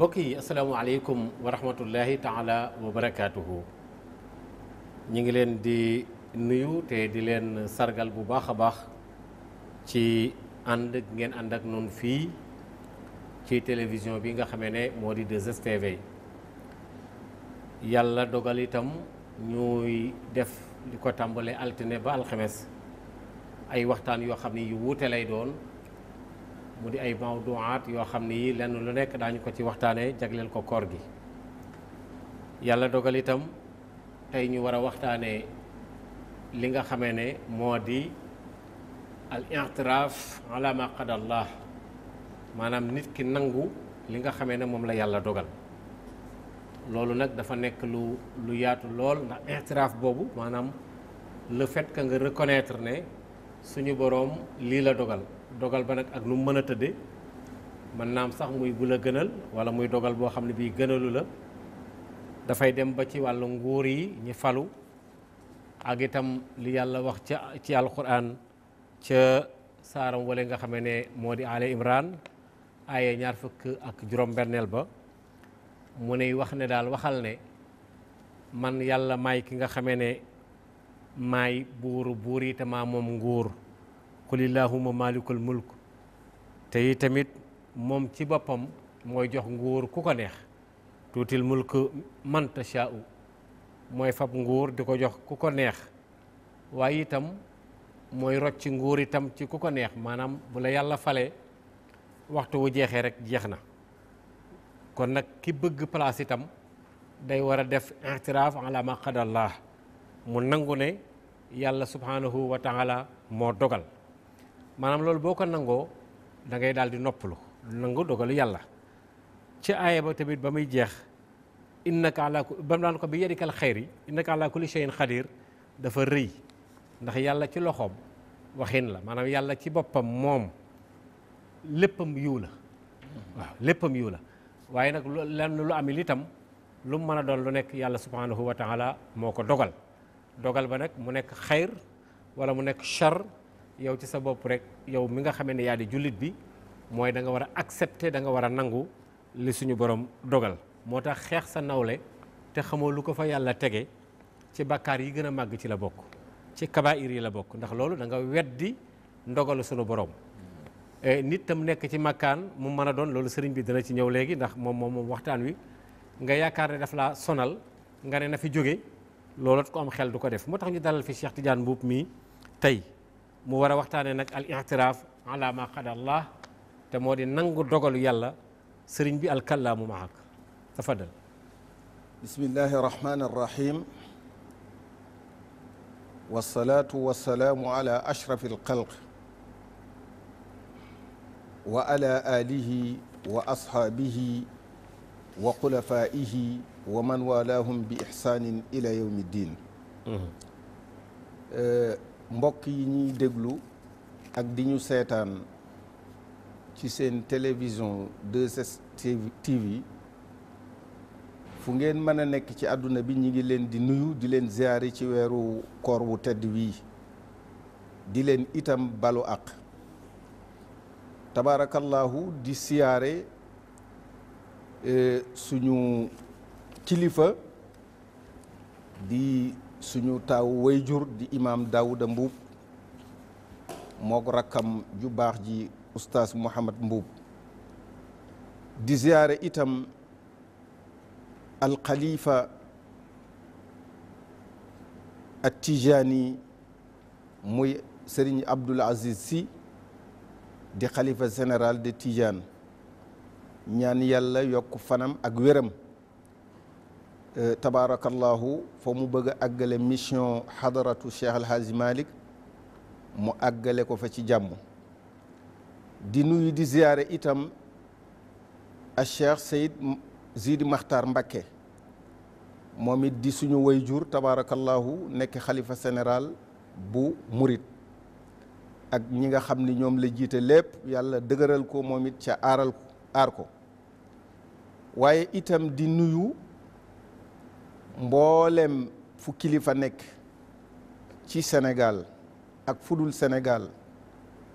mbokk yi asalaamaaleykum wa rahmatullahi taala wa barakaatuhu ñu ngi leen di nuyu te di leen sargal bu baax a baax ci ànd ngeen ànd ak noonu fii ci télévision bi nga xame ne moo di 2STV yàlla dogal itam ñuy def li ko tàmbalee altine ba alxemes ay waxtaan yoo xam ne yu wuute lay doon mu di ay mawduwaat yoo xam ne yi lenn lu nekk daañu ko ci waxtaanee jagleel ko koor gi yàlla dogal itam tey ñu war a waxtaanee li nga xamee ne moo di al i'tiraaf ala ma qadallah maanaam nit ki nangu li nga xamee ne moom la yàlla dogal loolu nag dafa nekk lu lu yaatu lool ndax i'tiraaf boobu maanaam le fait que nga reconnaître ne suñu boroom lii la dogal dogal ba nag ak lu mu mën a tëddee mën naam sax muy bu la gënal wala muy dogal boo xam ne bii gënalu la dafay dem ba ci wàllu nguur yi ñi falu ak itam li yàlla wax ca ci alquran ca saaram wala nga xamee ne moo di ale imran aaye ñaar fukk ak juróom-benneel ba mu ne wax ne daal waxal ne man yàlla may ki nga xame ne may buuru buur yi te maa moom nguur qul illahuma malikul mulk te yi tamit moom ci boppam mooy jox nguur ku ko neex tuutil mulk man tashaa'u mooy fab nguur di ko jox ku ko neex waaye itam mooy rocc nguur itam ci ku ko neex maanaam bu la yàlla falee waxtu wu jeexee rek jeex na kon nag ki bëgg place itam day war a def i'tiraaf ala ma mu nangu ne yàlla subhanahu wa taala moo dogal maanaam loolu boo ko nangoo da ngay daal di noppalu nangu dogalu yàlla ci aaya ba tamit ba muy jeex innaka ala ba mu daan ko bi yadikal xayri innaka ala kulli shay'in xadir dafa rëy ndax yàlla ci loxoom waxin la maanaam yàlla ci boppam moom léppam yiw la waaw léppam yiw la waaye nag lenn lu am itam lu mu mën a doon lu nekk yàlla subhanahu wa taala moo ko dogal dogal ba nag mu nekk xayr wala mu nekk char yow ci sa bopp rek yow mi nga xamee ne yaa di jullit bi mooy da nga war a accepte da nga war a nangu li suñu borom dogal moo tax xeex sa nawle te xamoo lu ko fa yàlla tege ci bakkaar yi gën a màgg ci la bokk ci kabaayir yi la bokk ndax loolu danga nga weddi ndogalu suñu borom eh, nit tam nekk ci makkaan mu mën a doon loolu sëriñ bi dana ci ñëw léegi ndax moom moom waxtaan wi nga yaakaar ne daf laa sonal nga ne na fi jóge loolu ko am xel du ko def moo tax ñu dalal fi Cheikh Tidiane Mboup mii tey mu war a waxtaanee nag al i'tiraaf ala ma qada allah te moo di nangu dogalu yàlla sëriñ bi al kallaamu maak tafadal bismillahi arrahmani arrahim wasalaatu wasalaamu ala ashrafi alxalq wa ala alihi wa ashaabihi wa xulafaihi wa man walahum bi ixsanin ila yawmi ddin mm-hmm. eh, mbokk yi ñuy déglu ak di ñu seetaan ci seen télévision 2STV fu ngeen mën a nekk ci àdduna bi ñi ngi leen di nuyu di leen ziyaari ci weeru koor wu tedd wii di leen itam balu àq tabaarakallaahu di siyaare eh, suñu kilifa di suñu taawu wayjur di imam Daouda Mbuub moo ko rakkam ju baax ji oustaz Mouhamad Mbuub di ziyaare itam alxalifa attijaani muy Serigne Abdoul Aziz Sy di xalifa général de Tijaan ñaan yàlla yokk fanam ak wéram Euh, tabaarakallahu fa mu bëgg a mission xadaratu Cheikh El Hadj Malick mu àggale ko fa ci jàmm di nuyu di ziyaare itam a Cheikh Seyd Zidi Makhtar Mbacké moom it di suñu wayjur tabaarakallahu nekk xalifa général bu murit ak ñi nga xam ni ñoom la jiite lépp yàlla dëgëral ko moom it ca aaral ko waaye itam di nuyu mboolem fu kilifa nekk ci senegal ak fudul Sénégal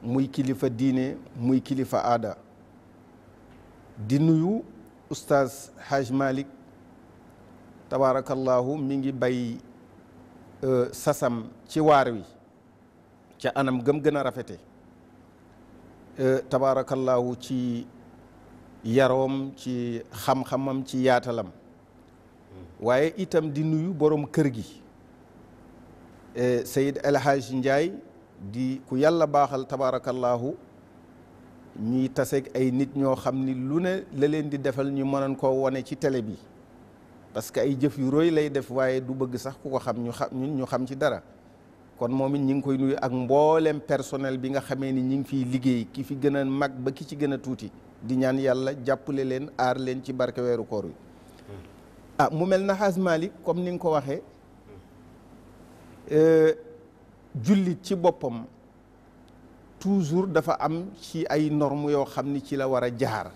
muy kilifa diine muy kilifa aada di nuyu oustaz Haj Malick tabarakallahu mi ngi bay euh, sasam ci waar wi ci anam gëm gën a rafete euh, tabarakallahu ci yaroom ci xam-xamam ci yaatalam waaye itam di nuyu borom kër gi e, Sayid El Hadj Ndiaye di ku yàlla baaxal tabaarakallaahu ñuy taseeg ay nit ñoo xam ni lu ne la leen di defal ñu mënoon ko wane ci télé bi parce que ay jëf yu rëy lay def waaye du bëgg sax ku ko xam ñu xam ñun ci dara kon moom it ñi ngi koy nuyu ak mboolem personnel bi nga xamee ni ñi ngi fiy liggéey ki fi gën a mag ba ki ci gën a tuuti di ñaan yàlla jàpple leen aar leen ci barke weeru koor yi ah mu mel na xaas Malick comme ni nga ko waxee euh, jullit ci boppam toujours dafa am ci ay normes yoo xam ni ci la war a jaar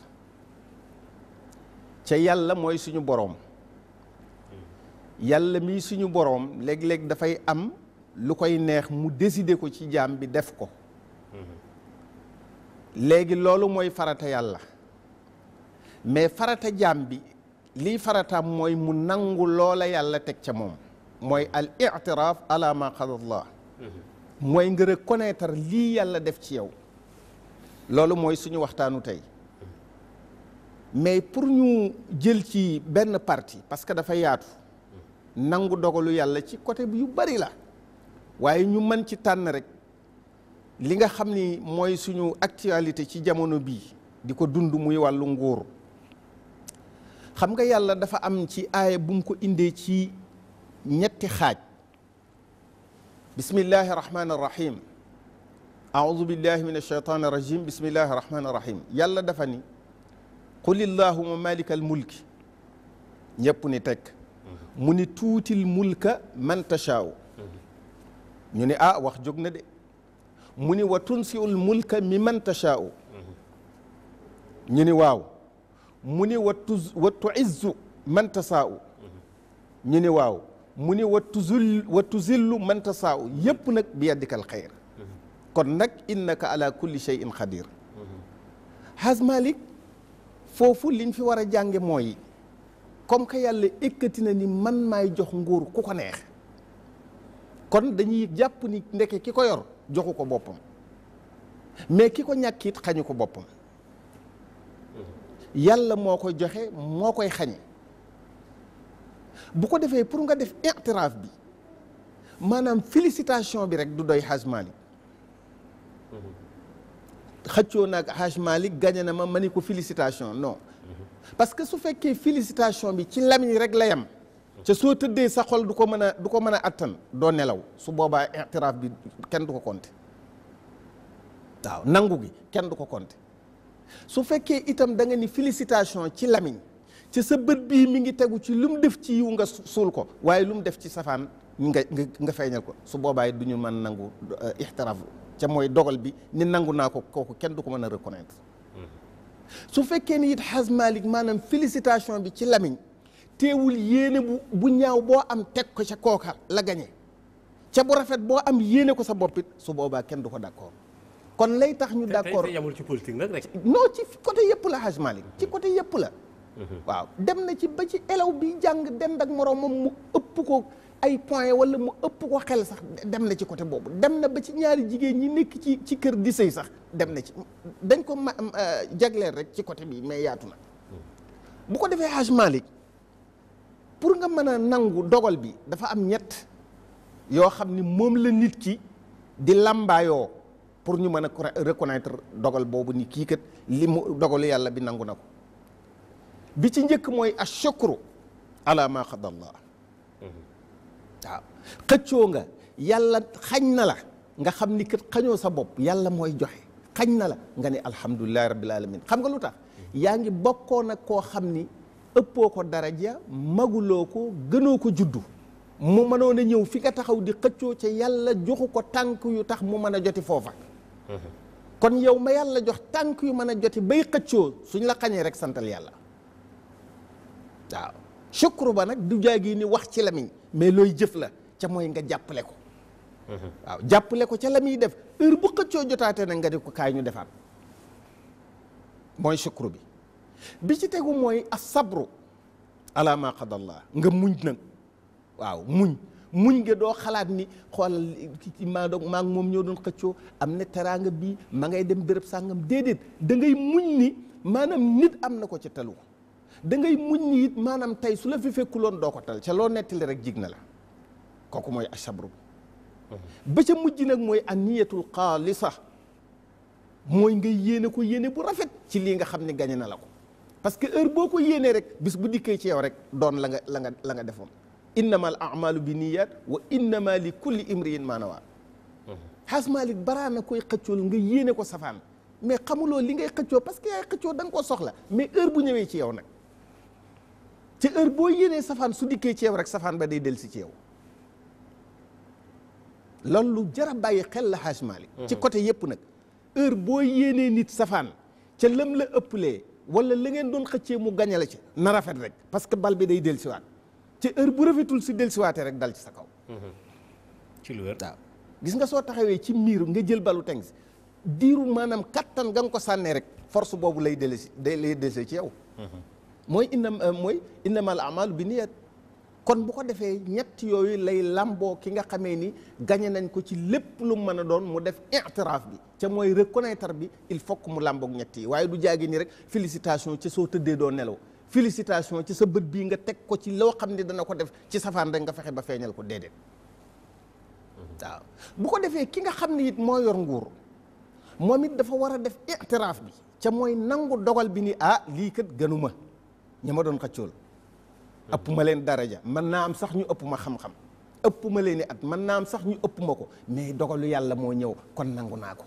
ca yàlla mooy suñu boroom yàlla mii suñu boroom léeg-léeg dafay am lu koy neex mu décider ko ci jaam bi def ko léegi loolu mooy farata yàlla mais farata jaam bi lii farataam mooy mu nangu loola yàlla teg ca moom mooy al itiraaf ala ma mooy nga reconnaître lii yàlla def ci yow loolu mooy suñu waxtaanu tey mais pour ñu jël ci benn partie parce que dafa yaatu nangu dogalu yàlla ci côté yu bari la waaye ñu mën ci tànn rek li nga xam ni mooy suñu actualité ci jamono bii di ko dund muy wàllu nguur xam nga yàlla dafa am ci aaya bu ko indee ci ñetti xaaj bismillahi rahmaani rahim aoudu billahi min alcheytan irajim bismillahi rahmaani rahim yàlla dafa ni qul illahuma malika al mulki ñëpp ni tekk mu ni tuutil mulka man tachaaw ñu ni ah wax jóg na de mu ni wa tunsiul mulka mi man tachaaw ñu ni waaw mu ni wa tuz wa manta man ñu ni waaw mu ni wa tuzul wa tuzillu man tasaau yépp nag bi yaddikal xayr kon nag innaka ala kulli shay'in xadir Haj Malick foofu liñ fi war a jànge mooy comme que yàlla ekkati na ni man may jox nguur ku ko neex kon dañuy jàpp ni ndeke ki ko yor joxu ko boppam mais ki ko ñàkkit xañu ko boppam yàlla moo koy joxe moo koy xañ bu ko defee pour nga def itiraaf bi maanaam félicitation bi rek du doy Haj Malick xëccoo naag Haj Malick gañe na ma ma ni ko félicitation no parce que su fekkee félicitation bi ci lamiñ rek la yam ca soo tëddee sa xol du ko mën a du ko mën a attan doo nelaw su boobaa itiraaf bi kenn du ko compter waaw nangu gi kenn du ko compter su fekkee itam da nga ni félicitation ci lamiñ ci sa bët bii mi ngi tegu ci lu mu def ci yiw nga suul ko waaye lu mu def ci safaan nga nga feeñal ko su boobaay du ñu mën nangu euh, ixtiraaf ca mooy dogal bi ni nangu naa ko kooku kenn du ko mën a reconnaître mm-hmm. su fekkee ni it xas malik maanaam félicitation bi ci lamiñ teewul yéene bu bu ñaaw boo am teg ko ca kooka la gañe ca bu rafet boo am yéene ko sa bopp su boobaa kenn du ko d'accord kon lay tax ñu d'accord tey ci politique nag rek. non ci côté yëpp la Hadj Malick ci côté yëpp la. Mhm. waaw dem na ci ba ci élaw bi jàng dend ak moroomam mu ëpp ko ay point wala mu ëpp ko xel sax dem na ci côté boobu dem na ba ci ñaari jigéen ñi nekk ci ci kër di sëy sax dem na ci dañ ko ma jagleel rek ci côté bi mais yaatu na. Mhm. bu ko defee Hadj Malick pour nga mën a nangu dogal bi dafa am ñett yoo xam ni moom la nit ki di làmbaayoo pour ñu mën a reconnaître dogal boobu ni kii kat li mu dogalu yàlla bi nangu na ko bi ci njëkk mooy ashukru ala ma qadallah waaw xëccoo nga yàlla xañ na la nga xam ni kat xañoo sa bopp yàlla mooy joxe xañ na la nga ne alhamdulilahi rabbil alamin xam nga lu tax yaa ngi bokkoon ak koo xam ni ëppoo ko daraja maguloo ko gënoo ko juddu mu mën a ñëw fi nga taxaw di xëccoo ca yàlla joxu ko tànk yu tax mu mën a joti foofa kon yow ma yàlla jox tànk yu mën a joti bay xëccoo suñ la xañee rek santal yàlla waaw sukuru ba nag du jaagi ni wax ci lamiñ mais looy jëf la ca mooy nga jàppale ko waaw jàppale ko ca la muy def heure bu xëccoo jotaate nag nga di ko kaay ñu defaat mooy sukuru bi bi ci tegu mooy asabru ala ma qadallah nga muñ nag waaw muñ muñ nga doo xalaat ni xoolal maa doog maa ngi moom ñoo doon xëccoo am na teraanga bii ma ngay dem dërëb sàngam déedéet da ngay muñ ni maanaam nit am na ko ca talu da ngay muñ ni it maanaam tey su la fi loon doo ko tal ca loo nettali rek jig na la kooku mooy asabru mhm. ba ca mujj nag mooy aniyatul xaalisa mooy nga yéene ko yéene bu rafet ci lii nga xam ne gañe na la ko parce que heure boo ko yéenee rek bis bu dikkee ci yow rek doon la nga la nga la nga defoon innama al amalu bi niyat wa innama li kulli imriin maa nawaa xaas mhm. malik baraa na koy xëccool nga yéene ko safaan mais xamuloo li ngay xëccoo parce que yaay xëccoo da nga koo soxla mais heure bu ñëwee ci yow nag ci heure boo yéenee safaan su dikkee ci yow rek safaan ba day del si ci yow loolu lu jar a bàyyi xel la xaaj malik mhm. ci côté yëpp nag heure boo yéenee nit safaan ca lëm la ëppalee wala la ngeen doon xëccee mu gañale ci na rafet rek parce que bal bi day del siwaat ci heure bu rafetul si dellusiwaatee rek dal ci sa kaw. ci lu wér waaw gis nga soo taxawee ci miir nga jël balu teng si diiru maanaam kattan nga nga ko sànnee rek force boobu lay dellu si lay dellu ci yow. mooy inna euh, mooy innamal amalu bi niyat kon bu ko defee ñetti yooyu lay lamboo ki nga xamee ni gañe nañ ko ci lépp lu mën a doon mu def itiraaf bi ca mooy reconnaître bi il faut que mu làmboog ñett yi waaye du jaagi ni rek félicitation ci soo tëddee doo nelaw félicitation ci sa bët bii nga teg ko ci loo xam ne dana ko def ci safaan rek nga fexe ba feeñal ko déedéet waaw bu ko defee ki nga xam ni it moo yor nguur moom it dafa war a def itiraaf bi ca mooy nangu dogal bi ni ah lii kat gënuma ña ma doon xaccool ëpp ma leen daraja mën naa am sax ñu ëpp ma xam-xam ëpp ma leen at mën naa am sax ñu ëpp ma ko mais dogalu yàlla moo ñëw kon nangu naa ko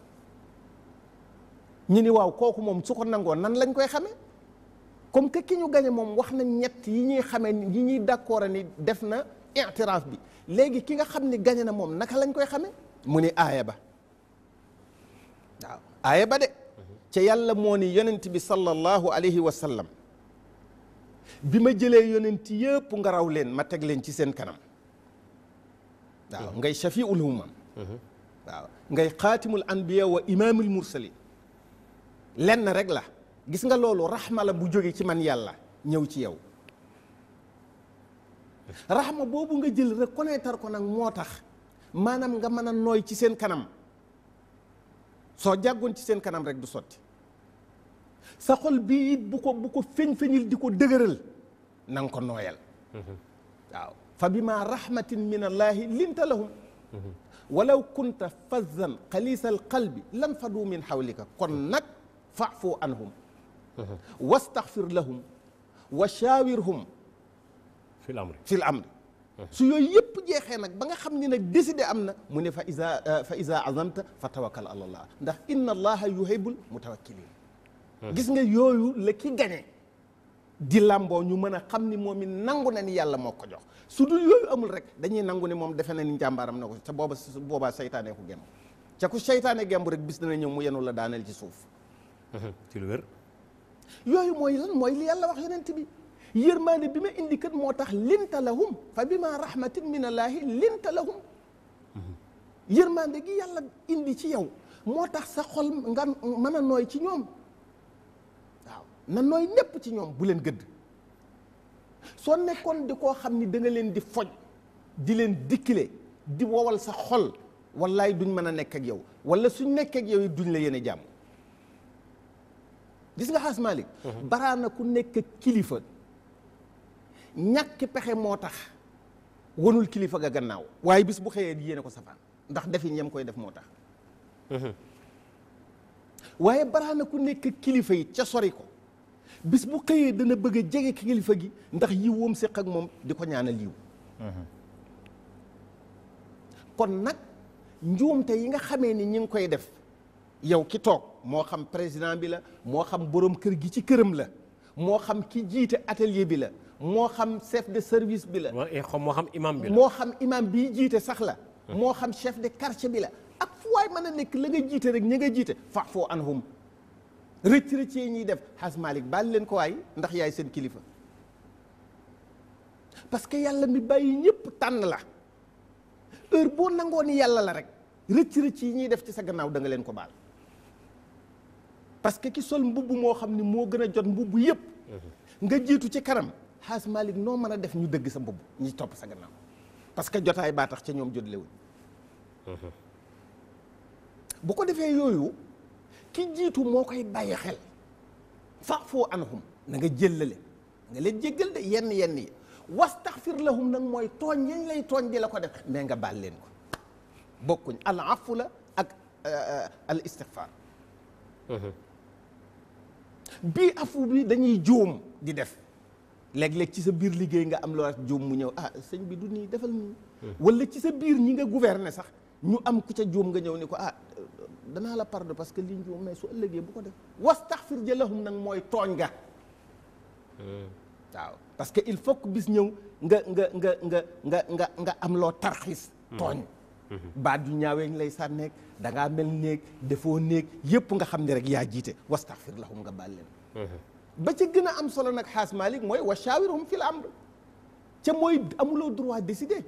ñu ni waaw kooku moom su ko nangoo nan lañ koy xamee comme que ki ñu gañe moom wax na ñett yi ñuy xamee yi ñuy d'accord ni def na i'tiraaf bi léegi ki nga xam ni gañe na moom naka lañ koy xamee mu ni aaya ba waaw aaya ba de ca yàlla moo ni yonent bi sallallahu alayhi wa sallam bi ma jëlee yonent yépp nga raw leen ma teg leen ci seen kanam ngay shafiul umam waaw ngay xaatimul anbiya wa imaamul mursalin lenn rek la gis nga loolu raxma la bu jóge ci man yàlla ñëw ci yow raxma boobu nga jël reconnaître ko nag moo tax maanaam nga mën a nooy ci seen kanam soo jàggoon ci seen kanam rek du sotti sa xol bii it bu ko bu ko feñ-feñil di ko dëgëral nan ko nooyal waaw fa bima rahmatin min allaahi linta lahum walaw kunta fazzan xaliisal qalbi lan fadu min xawlika kon nag faafu anhum wastaxfir lahum wa shaawirhum fil amri fil amri su yooyu yëpp jeexee nag ba nga xam ni nag décidé am na mu ne fa iza fa iza azamta fa tawakkal ala allah ndax inna allaha yuhibbul mutawakkilin gis nga yooyu la ki gañe di làmboo ñu mën a xam ni moom it nangu na ni yàlla moo ko jox su dul yooyu amul rek dañuy nangu ne moom defe na ni njàmbaaram na ko ca booba sa booba seytaanee ko gemb ca ku seytaane gemb rek bis dana ñëw mu yenu la daaneel ci suuf ci lu yooyu mooy lan mooy li yàlla wax yonent bi yërmaande bi ma indi kat moo tax linta lahum fa bi ma rahmatin min allaahi linta lahum yërmaande gi yàlla indi ci yow moo tax sa xol nga mën a nooy ci ñoom waaw na nooy ñépp ci ñoom bu leen gëdd soo nekkoon di koo xam ni danga leen di foj di leen dikkile di wowal sa xol wallaay duñ mën a nekk ak yow wala suñ nekk ak yow duñ la yéene jàmm gis nga xaas Malick mhm. baraana ku nekk kilifa ñàkk pexe moo tax wanul kilifa ga gannaaw waaye bis bu xëyee yéene ko safaan ndax defin yam koy def moo tax mhm. waaye baraana ku nekk kilifa yi ca sori ko bis bu xëyee dana bëgg a jege kilifa gi ndax yiw woom séq ak moom di ko ñaanal yiw mhm. kon nag njuumte yi nga xamee ni ñi ngi koy def yow ki toog moo xam président bi la moo xam borom kër gi ci këram la moo xam ki jiite atelier bi la moo xam chef de service bi la. Eh, moo xam imam bi la moo xam imam bi jiite sax la. moo xam chef de quartier bi la ak fu waay mën a nekk la nga jiite rek ña nga jiite fa'fu anhum rëcc rëcc yi ñuy def xas Malick baal leen ko waay ndax yaay seen kilifa parce que yàlla mi bàyyi ñëpp tànn la heure boo nangoon yàlla la rek rëcc rëcc yi ñuy def ci sa gannaaw da nga leen ko baal. parce que ki sol mbubb moo xam ni moo gën a jot mbubb yëpp nga jiitu ci kanam xaas Malick noo mën a def ñu dëgg sa mbubb ñi topp sa gannaaw parce que jotaay baa tax ca ñoom jotlewuñ bu ko defee yooyu ki jiitu moo koy bàyyi xel fa'fu anhum na nga jëllale nga leen jéggal de yenn yenn yi wastaxfir lahum nag mooy tooñ yañ lay tooñ di la ko def mais nga baal leen ko bokkuñ al afu la ak euh, euh, al istixfar mm-hmm. bii afu bi dañuy juum di def léeg-léeg ci sa biir liggéey nga am loo juum mu ñëw ah sëñ bi du nii defal nii hmm. wala ci sa biir ñi nga gouverner sax ñu am ku ca juum nga ñëw ni ko ah danaa la pardon parce que li juum mais su ëllëgee bu ko def wastaxfir jëlahum nag mooy tooñ nga hmm. waaw parce que il faut que bis ñëw nga nga nga nga nga nga nga am loo tarxiis hmm. tooñ baat yu ñaawee lay sànneeg da ngaa mel néeg defoo néeg yëpp nga xam ne rek yaa jiite wastaxfir lahum nga baal leen mm-hmm. ba ci gën a am solo nag xaas Malik mooy wa shaawirhum fil amr ca mooy amuloo droit décider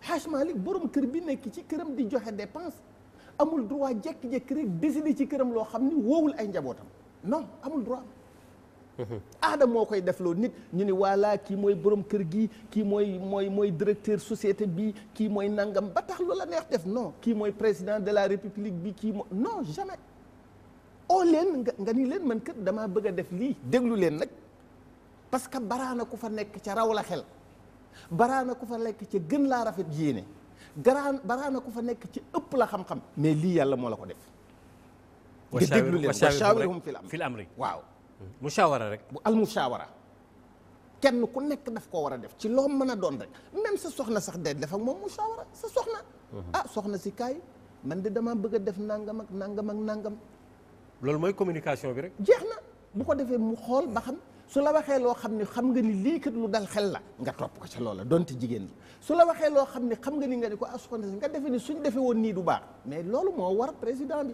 xaas Malik borom kër bi nekk ci këram di joxe dépense amul droit jekk-jekk rek décider ci këram loo xam ni woowul ay njabootam non amul droit aada moo koy def loo nit ñu ni voilà kii mooy borom kër gi kii mooy mooy mooy directeur societé bii kii mooy nangam ba tax lu la neex def non kii mooy président de la république bi kii moo non jamais oo oh, leen nga nga ni leen man kër damaa bëgg a def lii déglu leen nag parce que baraana ku fa nekk ca raw la xel baraana ku fa nekk ca gën laa rafet yéene garaan baraana ku fa nekk ci ëpp la xam-xam mais lii yàlla moo la ko def nga déglu leen wa fil amri waaw mushawara rek bu al mushawara kenn ku nekk daf koo war a def ci loo mën a doon rek même sa soxna sax de def ak moom mushawara sa soxna mhm. a ah, soxna si kaay man de damaa bëgg a def nangam ak nangam ak nangam loolu mooy communication bi rek jeex na bu ko defee mu xool ba xam su la waxee loo xam ne xam nga ni lii kat lu dal xel la nga topp ko ca loola donte jigéen la su la waxee loo xam ne xam nga ni nga ni ko askan ah, nga defe ni suñ defee woon nii du baax mais loolu moo war président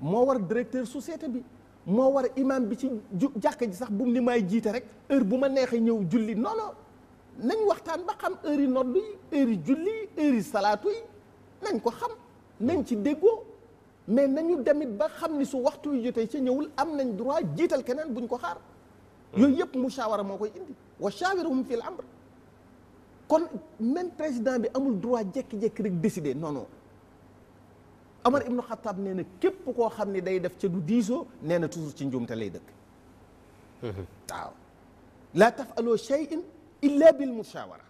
moo war directeur société bi moo war a imaam bi ci ju jàkk ji sax bu mu ni may jiite rek heure bu ma neexee ñëw julli non non nañ waxtaan ba xam heure yi noddu yi heure yi julli yi yi salaatu yi nañ ko xam nañ ci déggoo mais nañu demit ba xam ni su waxtu wi jotee ca ñëwul am nañ droit jiital keneen buñ ko xaar hmm. yooyu yëpp mushawara moo koy indi wa shawirhum fil amr kon même président bi amul droit jékki-jékki rek décider nono Omar ibnu Xattaab nee na képp koo xam ne day def ca du diisoo nee na toujours ci njuumte lay dëkk waaw laa tafaloo shay'in illa bil mushawara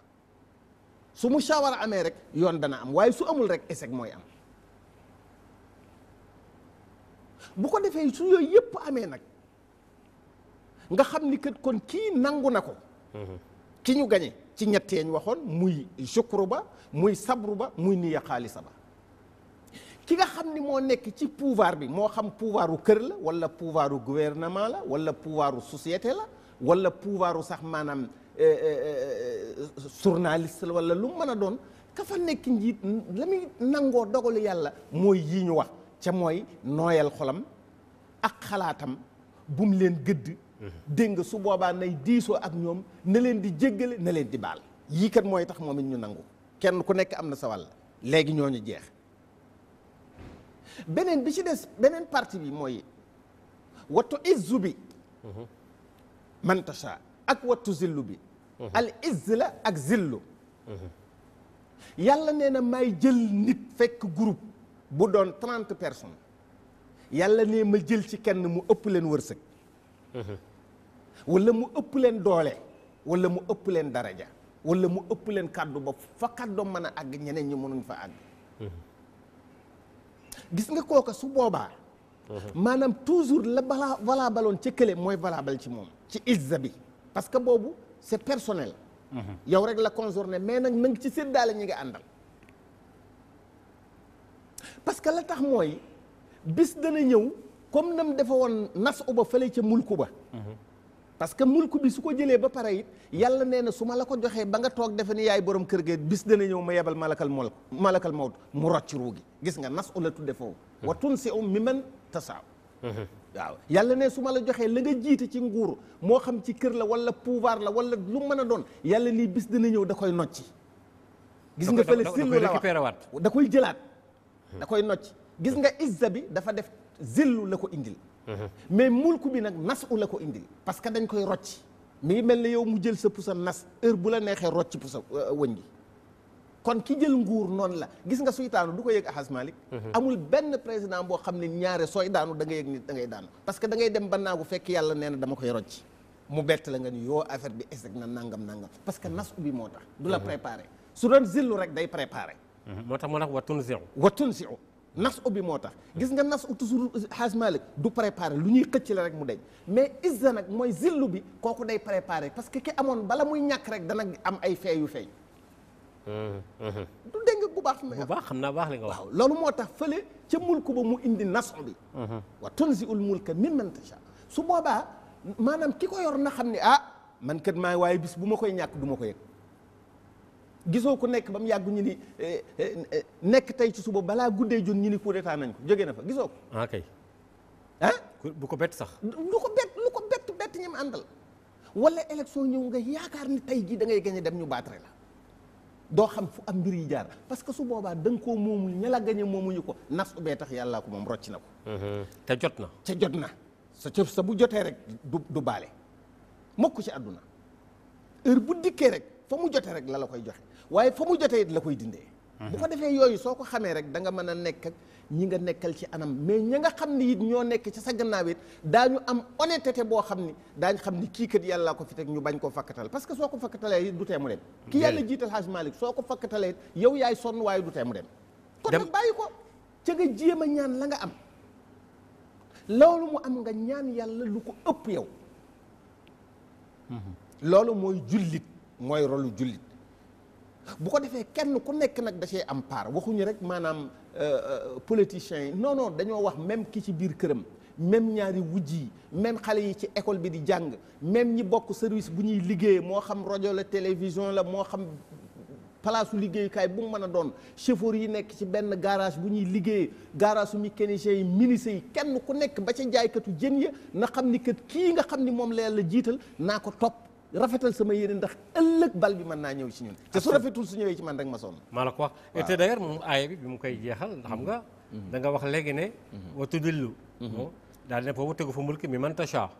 su mushawara amee rek yoon dana am waaye su amul rek échec mooy am bu ko defee su yooyu yëpp amee nag nga xam ni kat kon kii nangu na ko ki ñu gañe ci ñetti yañ waxoon muy sukru ba muy sabru ba muy niya xaalisa ba ki nga xam ni moo nekk ci pouvoir bi moo xam pouvoiru kër la wala pouvoiru gouvernement la wala pouvoiru société la wala pouvoiru sax maanaam euh, euh, euh, journaliste la wala lu mën a doon ka fa nekk njiit la muy nangoo dogalu yàlla mooy yii ñu wax ca mooy nooyal xolam ak xalaatam bum leen gëdd dégg nga su boobaa nay diisoo ak ñoom na leen di jéggale na leen di baal yii kat mooy tax moom it ñu nangu kenn ku nekk am na sa wàll léegi ñooñu jeex beneen bi ci des beneen partie bi mooy wattu izzu bi mhm. man ak wattu zillu bi mhm. al izz la ak zillu mhm. yàlla nee na may jël nit fekk group bu doon trent personnes yàlla nee ma jël ci kenn mu ëpp leen wërsëg wala mu ëpp leen doole wala mu ëpp leen daraja wala mu ëpp leen kàddu ba fa kàddu mën a àgg ñeneen ñi mënuñ fa àgg gis nga kooka su boobaa maanaam toujours la balaa valabaloon ca kële mooy valable ci moom ci izza bi parce que boobu c'est personnel yow rek la concerné mais nag na ci séddaale ñi nga àndal parce que la tax mooy bis dana ñëw comme nam dafa woon nas uba fële ca mulku ba parce que mulku bi su ko jëlee ba pare it yàlla nee na su ma la ko joxee ba nga toog defe ni yaay borom kër ga bis dana ñëw ma yebal malakal mol malakal mawt mu rocc ruu gi gis nga nas u la tudde foofu wa tunsi um mi man tasaaw waaw yàlla ne su ma la joxee la nga jiite ci nguur moo xam ci kër la wala pouvoir la walla lu mën a doon yàlla nii bis dana ñëw da koy nocci gis nga fële sillu la wax da koy jëlaat da koy nocci gis nga izza bi dafa def zillu la ko indil mais mulku bi nag nas u la ko indil parce que dañ koy rocc mi ngi mel ne yow mu jël sa pusa nas heure bu la neexee rocc pusa euh, wëñ gi kon ki jël nguur noonu la gis nga suy taanu du ko yëg Hadj Malick mhm. amul benn président boo xam ne ñaare sooy daanu danga ngay yëg ni da ngay daanu parce que da ngay dem ba naagu fekk yàlla nee na dama koy rocc mu bett la nga ni yoo affaire bi échec na nangam nangam parce que nas ubi moo tax du la mhm. préparé su doon zillu rek day préparé mhm. moo tax moo tax watun siu watun siu nas u moo tax gis nga nas u toujours xaaj malik du préparer lu ñuy xëcc la rek mu deñ mais izza nag mooy zillu bi kooku day préparer parce que ki amoon bala muy ñàkk rek dana am ay fee yu feeñ du dégg bu baax bu baax xam naa baax li waaw loolu moo tax fële ca mulku ba mu indi nas u bi wa tunzi ul mulka mimman tasha su boobaa maanaam ki ko yor na xam ni ah man kat maay waaye bis bu ma koy ñàkk du ma ko yëg gisoo ku nekk ba mu yàgg ñu ni eh, eh, eh, nekk tey ci suba balaa guddee jun ñu ni coup nañ ko jóge na fa gisoo ko. ah kay. ah bu ko bett sax. lu ko bett lu ko bett bett ñi mu àndal. wala élection ñëw nga yaakaar ni tey jii da ngay gañe dem ñu battre la. doo xam fu am mbir yi jaar parce que su boobaa da koo moomul ña la gañe moomuñu ko naf su bee tax yàllaa ko moom rocc na ko. Mm-hmm. te jot na. te jot na sa cëf sa bu jotee rek du du baale mokk ci àdduna heure bu dikkee rek fa mu jote rek la la koy joxe. waaye fa mu jotee it la koy dindee mhm. bu ko defee yooyu soo ko xamee rek da nga mën a nekk ñi nga nekkal ci anam mais ña nga xam ni it ñoo nekk ci sa gannaaw daa ñu am honnêteté boo xam ni daañu xam ni kii kat yàlla ko fi teg ñu bañ koo fakkatal parce que soo ko fakkatalee it du tee mu dem ki yàlla jiital Hajj Malick soo ko fakkatalee it yow yaay sonn waaye du tee mu dem kon nag bàyyi ko ca nga jéem a ñaan la nga am loolu mu am nga ñaan yàlla lu ko ëpp yow mhm. loolu mooy jullit mooy rolu jullit bu ko defee kenn ku nekk nag da am part waxuñu rek maanaam euh, euh, politiciens yi noonoon dañoo wax même ki ci biir këram même ñaari wujj yi même xale yi ci école bi di jàng même ñi bokk service bu ñuy liggéeyee moo xam rajo la télévision la moo xam place liggéeyukaay bu mu mën a doon chauffeur yi nekk ci benn garage bu ñuy liggéey garage su mécanicien yi ministre yi kenn ku nekk ba ci jaaykatu jën ya na xam ni kat kii nga xam ni moom la jiital naa ko topp rafetal sama yéene ndax ëllëg bal bi man naa ñëw ci ñun te su rafetul su ñëwee ci man rek ma sonn maa la ko wax et te d'ailleurs moom bi mu koy jeexal xam nga mhm. danga wax léegi ne mhm. wa tudillu mhm. daal ne foofu tegu fa mulki mi man tasha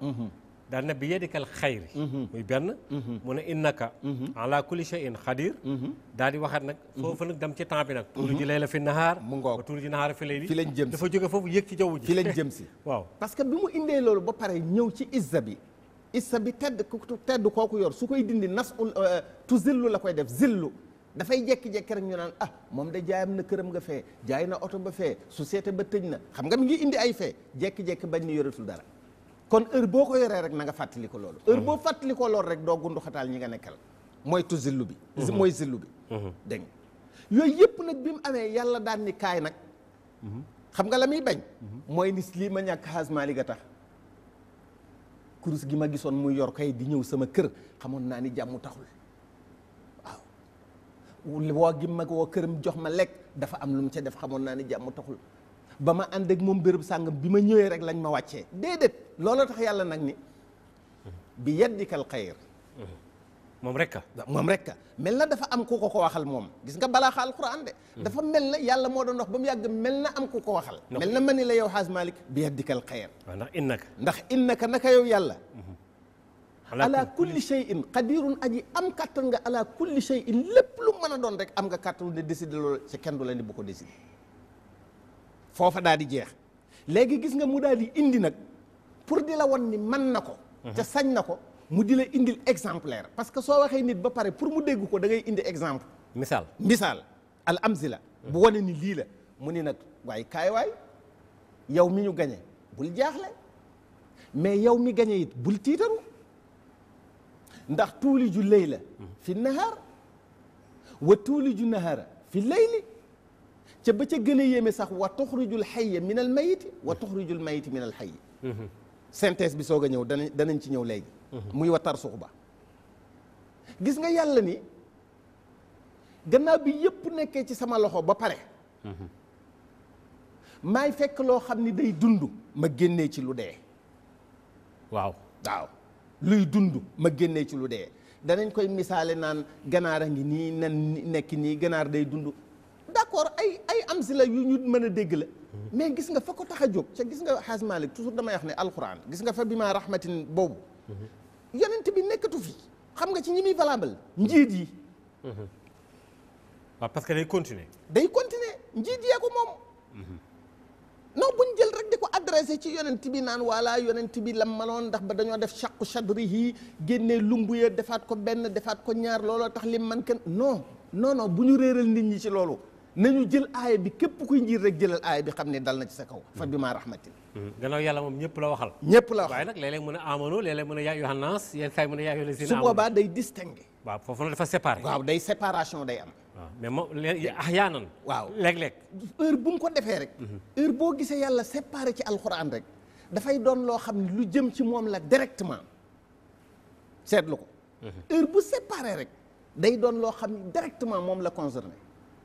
daal ne bi yedikal xayri muy benn mu ne innaka ala kulli shay'in xadir daal di waxaat nag foofu nag dem ci temps bi nag tuuli ji layla fi nahaar mu ngoog tuuli ji nahaar fi layli fi lañ jëm dafa jóge foofu yëg ci jaww ji fi lañ jëm si waaw parce que bi mu indee loolu ba pare ñëw ci izza bi issa bi tedd ku tedd kooku yor su koy dindi nas ul euh, tu zillu la koy def zillu dafay jekki-jekki rek ñu naan ah moom de jaayam na këram nga fee jaay na oto ba fee société ba tëñ na xam nga mi ngi indi ay fee jekki-jekki bañ ni yoratul dara kon heure boo ko yoree rek na nga fàttali ko loolu heure boo fàttali ko loolu rek doo gundu xataal ñi nga nekkal mooy tu zillu bi mooy zillu bi mhm. dégg nga yooyu yëpp nag bi mu amee yàlla daan ni kaay nag mhm. xam nga la muy bañ mhm. mooy ni lii ma ñàkk xaas maali ga tax kurus gi ma gisoon muy yor kay di ñëw sama kër xamoon naa ni jàmm taxul waaw woo gi ma woo këram jox ma lekk dafa am lu mu ca def xamoon naa ni jàmm taxul ba ma ànd ak moom bërëb sàngam bi ma ñëwee rek lañ ma wàccee déedéet looloo tax yàlla nag ni bi yaddikal xayr mm-hmm. moom rek moom rek mel na dafa am ku ko ko waxal moom gis nga balaa xaal alquran de mm. dafa mel na yàlla moo doon dox ba mu yàgg mel na am ku ko waxal mel na ma ni la yow xaas malik bi yaddikal xayr waaw ndax innaka ndax innaka naka yow yàlla mm-hmm. ala kulli shay'in qadirun aji am kàttan nga ala kulli in lépp lu mën a doon rek am nga kàttan ne décider loolu sa kenn du la ne bu ko décider foofa daal di jeex léegi gis nga mu daal di indi nag pour di la ni mën na ko te mm-hmm. sañ na ko mu di la indil exemplaire parce que soo waxee nit ba pare pour mu dégg ko da ngay indi exemple. misaal misaal al amzila bu wane ni lii la mu ni nag waaye kaay waay yow mi ñu gañe bul jaaxle mais yow mi gañe it bul tiitaru ndax tuuli ju layla fi nahaar wa tuuli ju nahaara fi layli ca ba ca gën a yéeme sax wa tuxrijul xayya min al mayiti wa tuxrijul mayiti min al xayyi mhm. synthèse bi soog a ñëw danañ danañ ci ñëw léegi muy wa tar ba gis nga yàlla ni gannaaw bi yëpp nekkee ci sama loxo ba pare maay fekk loo xam ni day dund ma génnee ci lu dee waaw waaw luy dund ma génnee ci lu dee danañ koy misaale naan ganaar a ngi nii nen nekk nii ganaar day dund d'accord ay ay am si la yu ñu mën a dégg la mais gis nga fa ko tax a jóg ca gis nga xas Malik toujours damay wax ne alxuraan gis nga fa bi ma rahmatin boobu yonent bi nekkatu fi xam nga ci ñi muy valable njiit yi. waaw ah, parce day continuer. day continuer njiit yee ko moom. non buñ jël rek di ko adressé ci yonent bi naan wala yonent bi lam manoon ndax ba dañoo def chaqu chadrihi génnee lumbu ya defaat ko benn defaat ko ñaar looloo tax lim man kenn non non non bu ñu réeral nit ñi ci loolu nañu jël aaya bi képp kuy njiit rek jëlal aaya bi xam ne dal na ci sa kaw. fa bi maa rahmatin Mm. gannaaw yàlla moom ñëpp la waxal. ñëpp la waxal waaye nag léeg a amanu léeg-léeg mën a yaay Yohannas yenn saa su boobaa day distingué. waaw foofu nag dafa séparé. waaw day séparation day am. waaw mais moom léegi ah yaa waaw léeg-léeg. heure bu mu ko defee rek. Mm-hmm. heure boo gisee yàlla séparé ci alxuraan rek dafay doon loo xam ne lu jëm ci moom la directement seetlu ko. Mm-hmm. heure bu séparé rek day doon loo xam directement moom la concerné.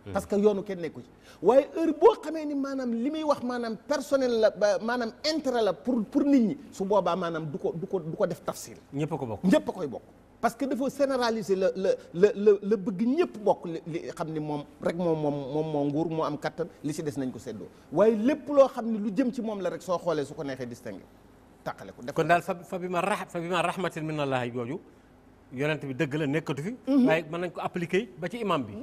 Hmm. parce que yoonu kenn nekku ci waaye heure boo xamee ni maanaam li muy wax maanaam personnel la maanaam intérêt la pour pour nit ñi su boobaa maanaam du ko du ko du ko def tafsir ñëpp ko bokk ñëpp a koy bokk parce que dafa généraliser la la la la la bëgg ñëpp bokk li xam ni moom rek moom moom moom moo nguur moo am kattan li si des nañ ko seddoo waaye lépp loo xam ni lu jëm ci moom la rek soo xoolee su ko neexee distingué tàqale ko def kon daal fa fa bi ma ra fa bi ma rahmatin min allahi jooju yonent bi dëgg la nekkatu fi mhm. waaye mën nañ ko appliquer ba ci imam bi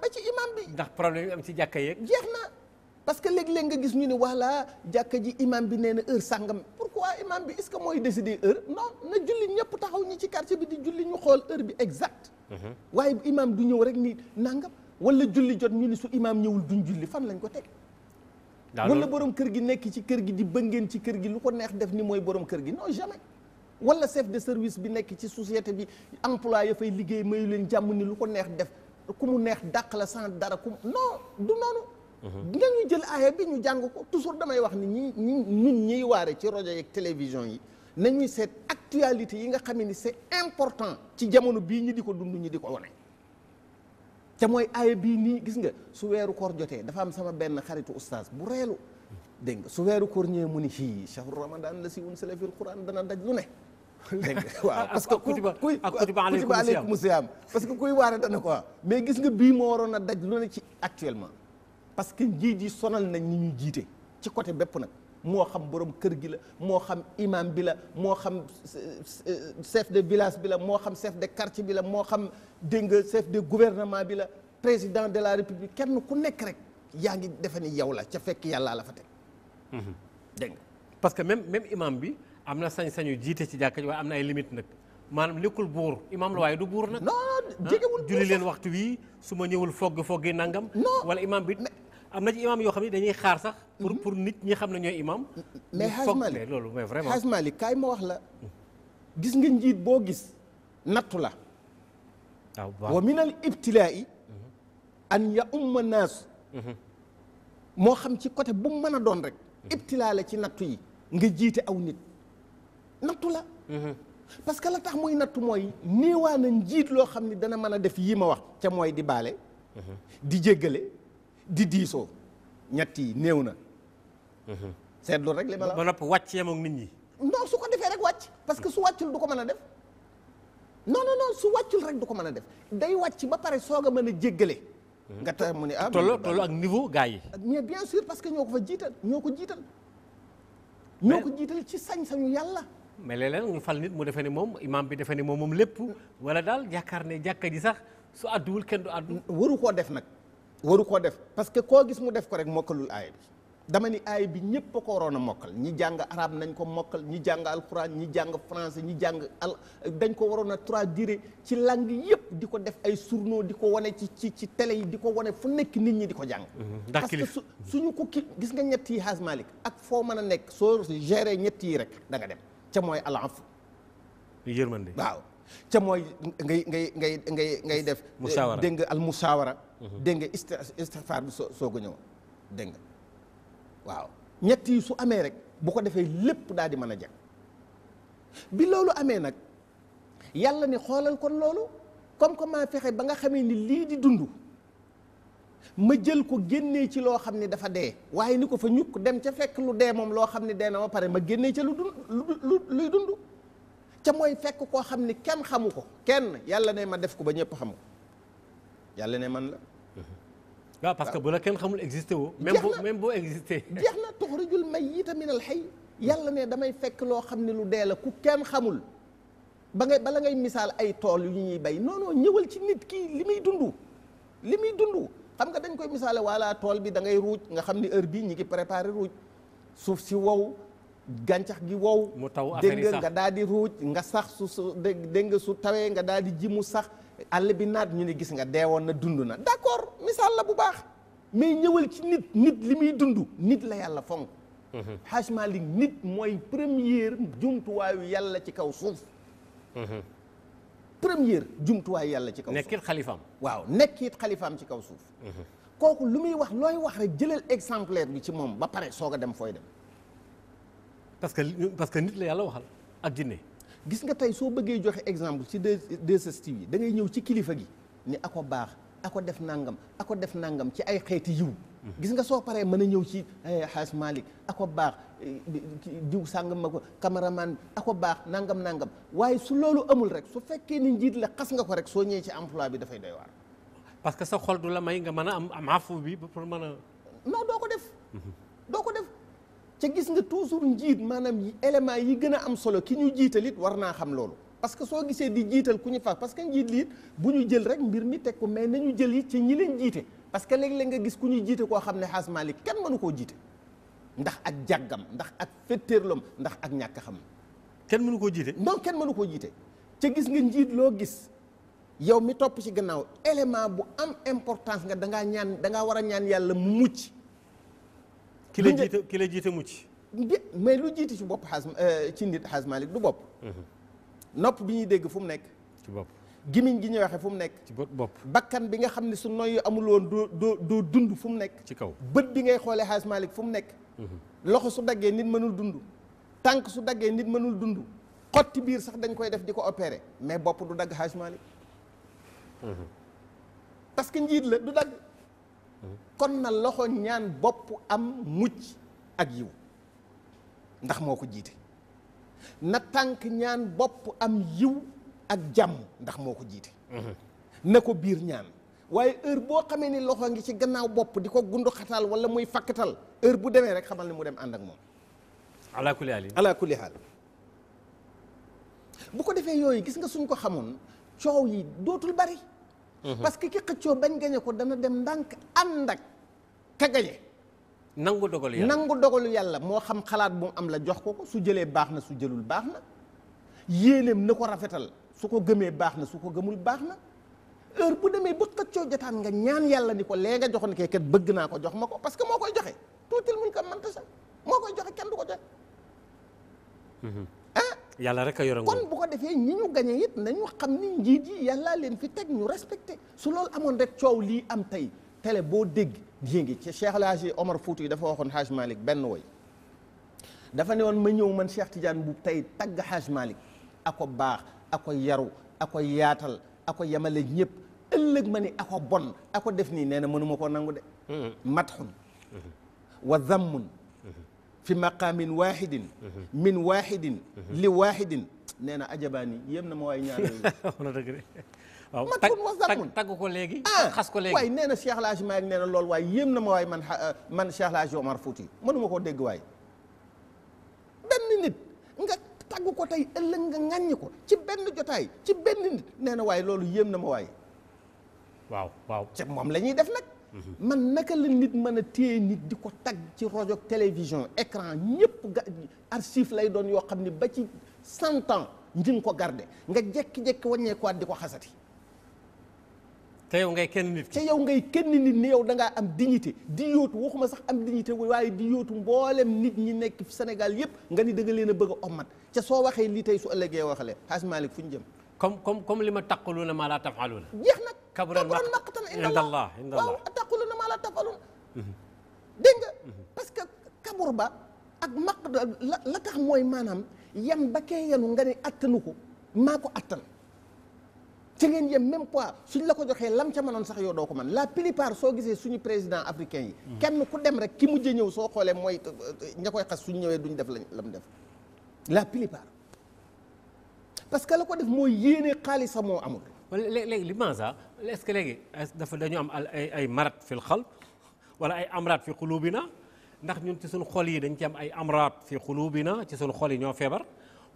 ba ci imam bi. ndax problème yi am ci jàkka yeeg. jeex na parce que léeg nga gis ñu ne voilà jàkka ji imam bi nee na heure sàngam pourquoi imam bi est-ce que mooy décider heure non na julli ñëpp taxaw ñi ci quartier bi di julli ñu xool heure bi exact mhm. waaye imam du ñëw rek ni nangam wala julli jot ñu ni su imaam ñëwul duñ julli fan lañ ko teg. wala boroom kër gi nekk ci kër gi di bëngeen ci kër gi lu ko neex def ni mooy borom kër gi non jamais. wala chef de service bi nekk ci société bi employé ya fay liggéey mayu leen jàmm ni lu ko neex def ku mu neex dàq la sant dara ku non du noonu. Mhm. nga ñu jël aaya bi ñu jàng ko toujours damay wax ni ñi ñi ñun ñiy waare ci rajo yeeg télévision yi nañuy seet actualité yi nga xam ni c'est important ci jamono bii ñu di ko dund ñu di ko wane. te mooy aaya bii nii gis nga su weeru koor jotee dafa am sama benn xaritu oustaz bu reelu dégg nga su weeru koor ñëwee mu ni hii shahru ramadan la si unzila fil quran dana daj lu ne. waaw parce que kuy kuy kutiba aleykum siyaam parce que kuy waare dana ko mais gis nga bii moo waroon a daj lu ne ci actuellement parce que njiit yi sonal nañ ñi ñu jiite ci côté bépp nag moo xam borom kër gi la moo xam imam bi la moo xam chef de village bi la moo xam chef de quartier bi la moo xam dégg nga chef de gouvernement bi la président de la république kenn ku nekk rek yaa ngi defe ni yow la ca fekk yàllaa la fa teg mhm. dégg nga parce que même même imam bi am na sañ-sañu jiite ci jàkka ji waaye am na ay limite nag maanaam nekkul buur imaam la waaye du buur nag. non non ah, jegewul julli leen waxtu wi su ma ñëwul foog foggi nangam. wala imaam bi am na ci imaam yoo xam ne dañuy xaar sax. pour mm-hmm. pour nit ñi xam ne ñooy imaam. mais xaaj Malick loolu mais vraiment xaaj Malick kaay ma wax la. Mm. gis nga njiit boo gis nattu la. Ah, waa min al ibtilaa'i mm-hmm. an ya umma naas. Mm-hmm. moo xam ci côté bu mën a doon rek. ibtilaa la ci nattu yi. nga jiite aw nit. nattu la mm-hmm. parce que la tax muy nattu mooy néewaa na njiit loo xam ni dana mën a def yii ma wax ca mooy di baale mm-hmm. di jéggale di diisoo ñetti néew na mm-hmm. seetlu rek li ma la ba nopp wàcc yem ak nit ñi ndox su ko defee rek wàcc parce que su wàccul du ko mën a def non non su wàccul rek du ko mën a def day wàcc ba pare soog a mën a jéggale nga tax mu ne ah tolloo tolloo ak niveau gars yi mais bien parce que ñoo ko fa jiital ñoo ko jiital ñoo ko jiital ci sañ-sañu yàlla mais léeg-léeg nga fal nit mu defee ni moom imam bi defee ni moom moom lépp wala daal yaakaar ne jàkka ji sax su àdduwul kenn du àddu waru koo def nag waru koo def parce que koo gis mu def ko rek mokkalul aaya bi dama ni aaya bi ñëpp a ko waroon a mokkal ñi jàng arab nañ ko mokkal ñi jàng alquran ñi jàng français ñi jàng al dañ ko waroon a traduire ci langue yëpp di ko def ay surno di ko wane ci ci ci télé yi di ko wane fu nekk nit ñi di ko jàng mhm. parce su suñu ko gis nga ñett yi ak foo mën a nekk soo géré ñett rek da dem ca mooy alafu yërmande waaw ca mooy ngay ngay ngay ngay ngay def musaawara dégg al musaawara mhm. dégg nga istighfaar bi soo soog a ñëw dégg nga waaw ñett su amee rek bu ko defee lépp daal di mën a jag bi loolu amee nag yàlla ni xoolal kon loolu comme que a fexe ba nga xamee ni lii di dund ma jël ko génnee ci loo xam ni dafa dee waaye ni ko fa ñukk dem ca fekk lu dee moom loo xam ni dee na ma pare ma génnee ca lu dund luy dund ca mooy fekk koo xam ni kenn xamu ko kenn yàlla ne ma def ko ba ñëpp xam ko ne man la waaw parce que bu la kenn xamul existé woo même boo même boo existé jeex na tuxrijul mayyita minal hayy yàlla ne damay fekk loo xam ne lu dee la ku kenn xamul ba nga bala ngay misaal ay tool yu ñuy bay non ñëwal ci nit kii li muy dund li muy dund xam nga dañ koy misaale laa tool bi dangay ngay ruuj nga xam ni heure bii ñi ngi préparé ruuj suuf si wow gàncax gi wow. mu taw affaire nga daal di ruuj nga sax su su dégg nga su tawee nga daal di ji mu sax àll bi naat ñu ne gis nga deewoon na dund na d'accord misaal la bu baax mais ñëwal ci nit nit li muy dund nit la yàlla fonk. xaaj mhm. Malik nit mooy première jumtuwaayu yàlla ci kaw suuf. Mhm. première jumtuwaay yàlla ci kaw suuf nekkit xalifaam waaw nekkit xalifaam ci kaw suuf kooku lu muy wax looy wax rek jëlal exemplaire bi ci moom ba pare soog a dem fooy dem parce que parce que nit la yàlla waxal ak jinne gis nga tey soo bëggee joxe exemple ci 2STV yi da ngay ñëw ci kilifa gi ni ako baax ako def nangam ako def nangam ci ay xeeti yiw gis nga soo paree mën a ñëw ci xaaj eh, Malick ak ko baax eh, diw sàngam ma ko cameraman ak ko baax nangam nangam waaye su loolu amul rek su fekkee ni njiit la xas nga ko rek soo ñëwee ci emploi bi dafay doy waar. parce que sa xol du la may nga mën a am am afu bi pour mën a. non doo ko def. Mhm. doo ko def ca gis nga toujours njiit maanaam élément yi gën a am solo ki ñu jiital it war naa xam loolu. parce que soo gisee di jiital ku ñu faax parce que njiit liit bu ñu jël rek mbir mi teg ko mais nañu jël it ci ñi leen jiite. parce que léeg-léeg nga gis ku ñuy jiite koo xam ne xaas kenn mënu koo jiite ndax ak jàggam ndax ak féttéerlam ndax ak ñàkk xam kenn mënu koo jiite non kenn mënu koo jiite ca gis nga njiit loo gis yow mi topp ci gannaaw élément bu am importance nga dangaa ñaan dangaa war a ñaan yàlla mu mucc ki la jiite ki la jiite mucc mais lu jiite ci bopp xaas euh, ci nit xaas Malick du bopp mhm. nopp bi ñuy dégg fu mu nekk ci gimiñ gi ñuy waxe fu mu nekk ci bopp bakkan bi nga xam ne su noyyu amul woon doo doo doo dund fu mu nekk ci kaw bët bi ngay xoolee xaalis fu mu nekk mhm. loxo su daggee nit mënul dund tànk su daggee nit mënul dund xotti biir sax dañ koy def di ko opéré mais bopp du dagg xaalis Malick mhm. parce que njiit la du dagg mhm. kon na loxo ñaan bopp am mucc ak yiw ndax moo ko jiite na tànk ñaan bopp am yiw ak jàmm ndax moo ko jiite ne ko biir ñaan waaye heure boo xamee ni loxo ngi ci gannaaw bopp di ko gundu xataal wala muy fakkatal heure bu demee rek xamal ni mu dem ànd ak moom ala kulli haal ala bu ko defee yooyu gis nga suñ ko xamoon coow yi dootul bari mhm. parce que ki xëccoo bañ gañe ko dana dem ndànk ànd ak ka gañe nangu dogalu yàlla nangu dogalu yàlla moo xam xalaat bu mu am la jox ko ko su jëlee baax na su jëlul baax na yéeneem na ko rafetal su ko gëmee baax na su ko gëmul baax na heure bu demee ba xëccoo jotaan nga ñaan yàlla ni ko lee nga joxoon kee kat bëgg naa ko jox ma ko parce que moo koy joxe tuutil mun ko mënta sax moo koy joxe kenn du ko joxe. Mhm. ah. yàlla rek a yore kon bu ko defee ñi ñu gañe it nañu xam ni njiit yi yàllaa leen fi teg ñu respecté su loolu amoon rek coow lii am tey télé boo dégg di ngi ci Cheikh El Omar Fouti dafa waxoon Hadj Malick benn woy dafa ne woon ma ñëw man Cheikh Tidiane bu tey tagg Hadj Malick ako baax. ako yaru ako yaatal ako yamale ñëpp ëllëg ma ni ako bon ako def nii nee na mënuma koo nangu de hmm. matxun hmm. wa zammun hmm. fi maqaamin waaxidin min waaxidin li waaxidin nee na ajabaani na ma waaye ñaar yooyu waaw wa zamun tagg ko léegi ah, xas ko léegi waaye nee na Cheikh Alhaji Maalik nee ma waaye man ah, man Cheikh Alhaji Omar Fouti mënuma koo dégg waaye benn nit tàggu ko tey ëllëg nga ŋàññi ko ci benn jotaay ci benn nit nee na waaye loolu yéem na ma waaye. waaw waaw ci moom lañuy def nag. Mhm. man naka la nit mën a téye nit di ko tag ci rajo télévision ecran ñëpp ga lay doon yoo xam ne ba ci cent ans njin ko garde nga jekki-jekki wàññeekuwaat di ko xasati. te yow ngay kenn nit yow ngay kenn nit ni yow da ngaa am dignité di yóotu waxuma sax am dignité waaye di yootu mboolem nit ñi nekk senegal yëpp nga ni da leen a bëgg a ca soo waxee lii tey su ëllëgee waxale xaas Malick fu ñu jëm comme comme comme li ma taquluuna maa laa tafaluuna jeex nag kaburan maqtan inda allah inda allah waaw taquluuna maa laa tafaluuna mhm. dégg nga mhm. parce que kabur ba ak maq la la tax mooy maanaam yam ba kee yenu nga ne attanu ko maa ko attan ci ngeen yem même poids ñu la ko joxee lam ca mënoon sax yoo doo ko mën la plupart soo gisee suñu président africain yi mhm. kenn ku dem rek ki mujj ñëw soo xoolee mooy euh, euh, ña koy xas suñ ñëwee duñ def lañ lam def la plupart parce que la ko def mooy yéene xaalisa moo amul. wala léegi li Mansa est-ce que léegi dafa dañu am ay ay marat fil xalb wala ay amraat fi xuluubina ndax ñun ci suñu xol yi dañ ci am ay amraat fi xuluubina ci suñu xol yi ñoo feebar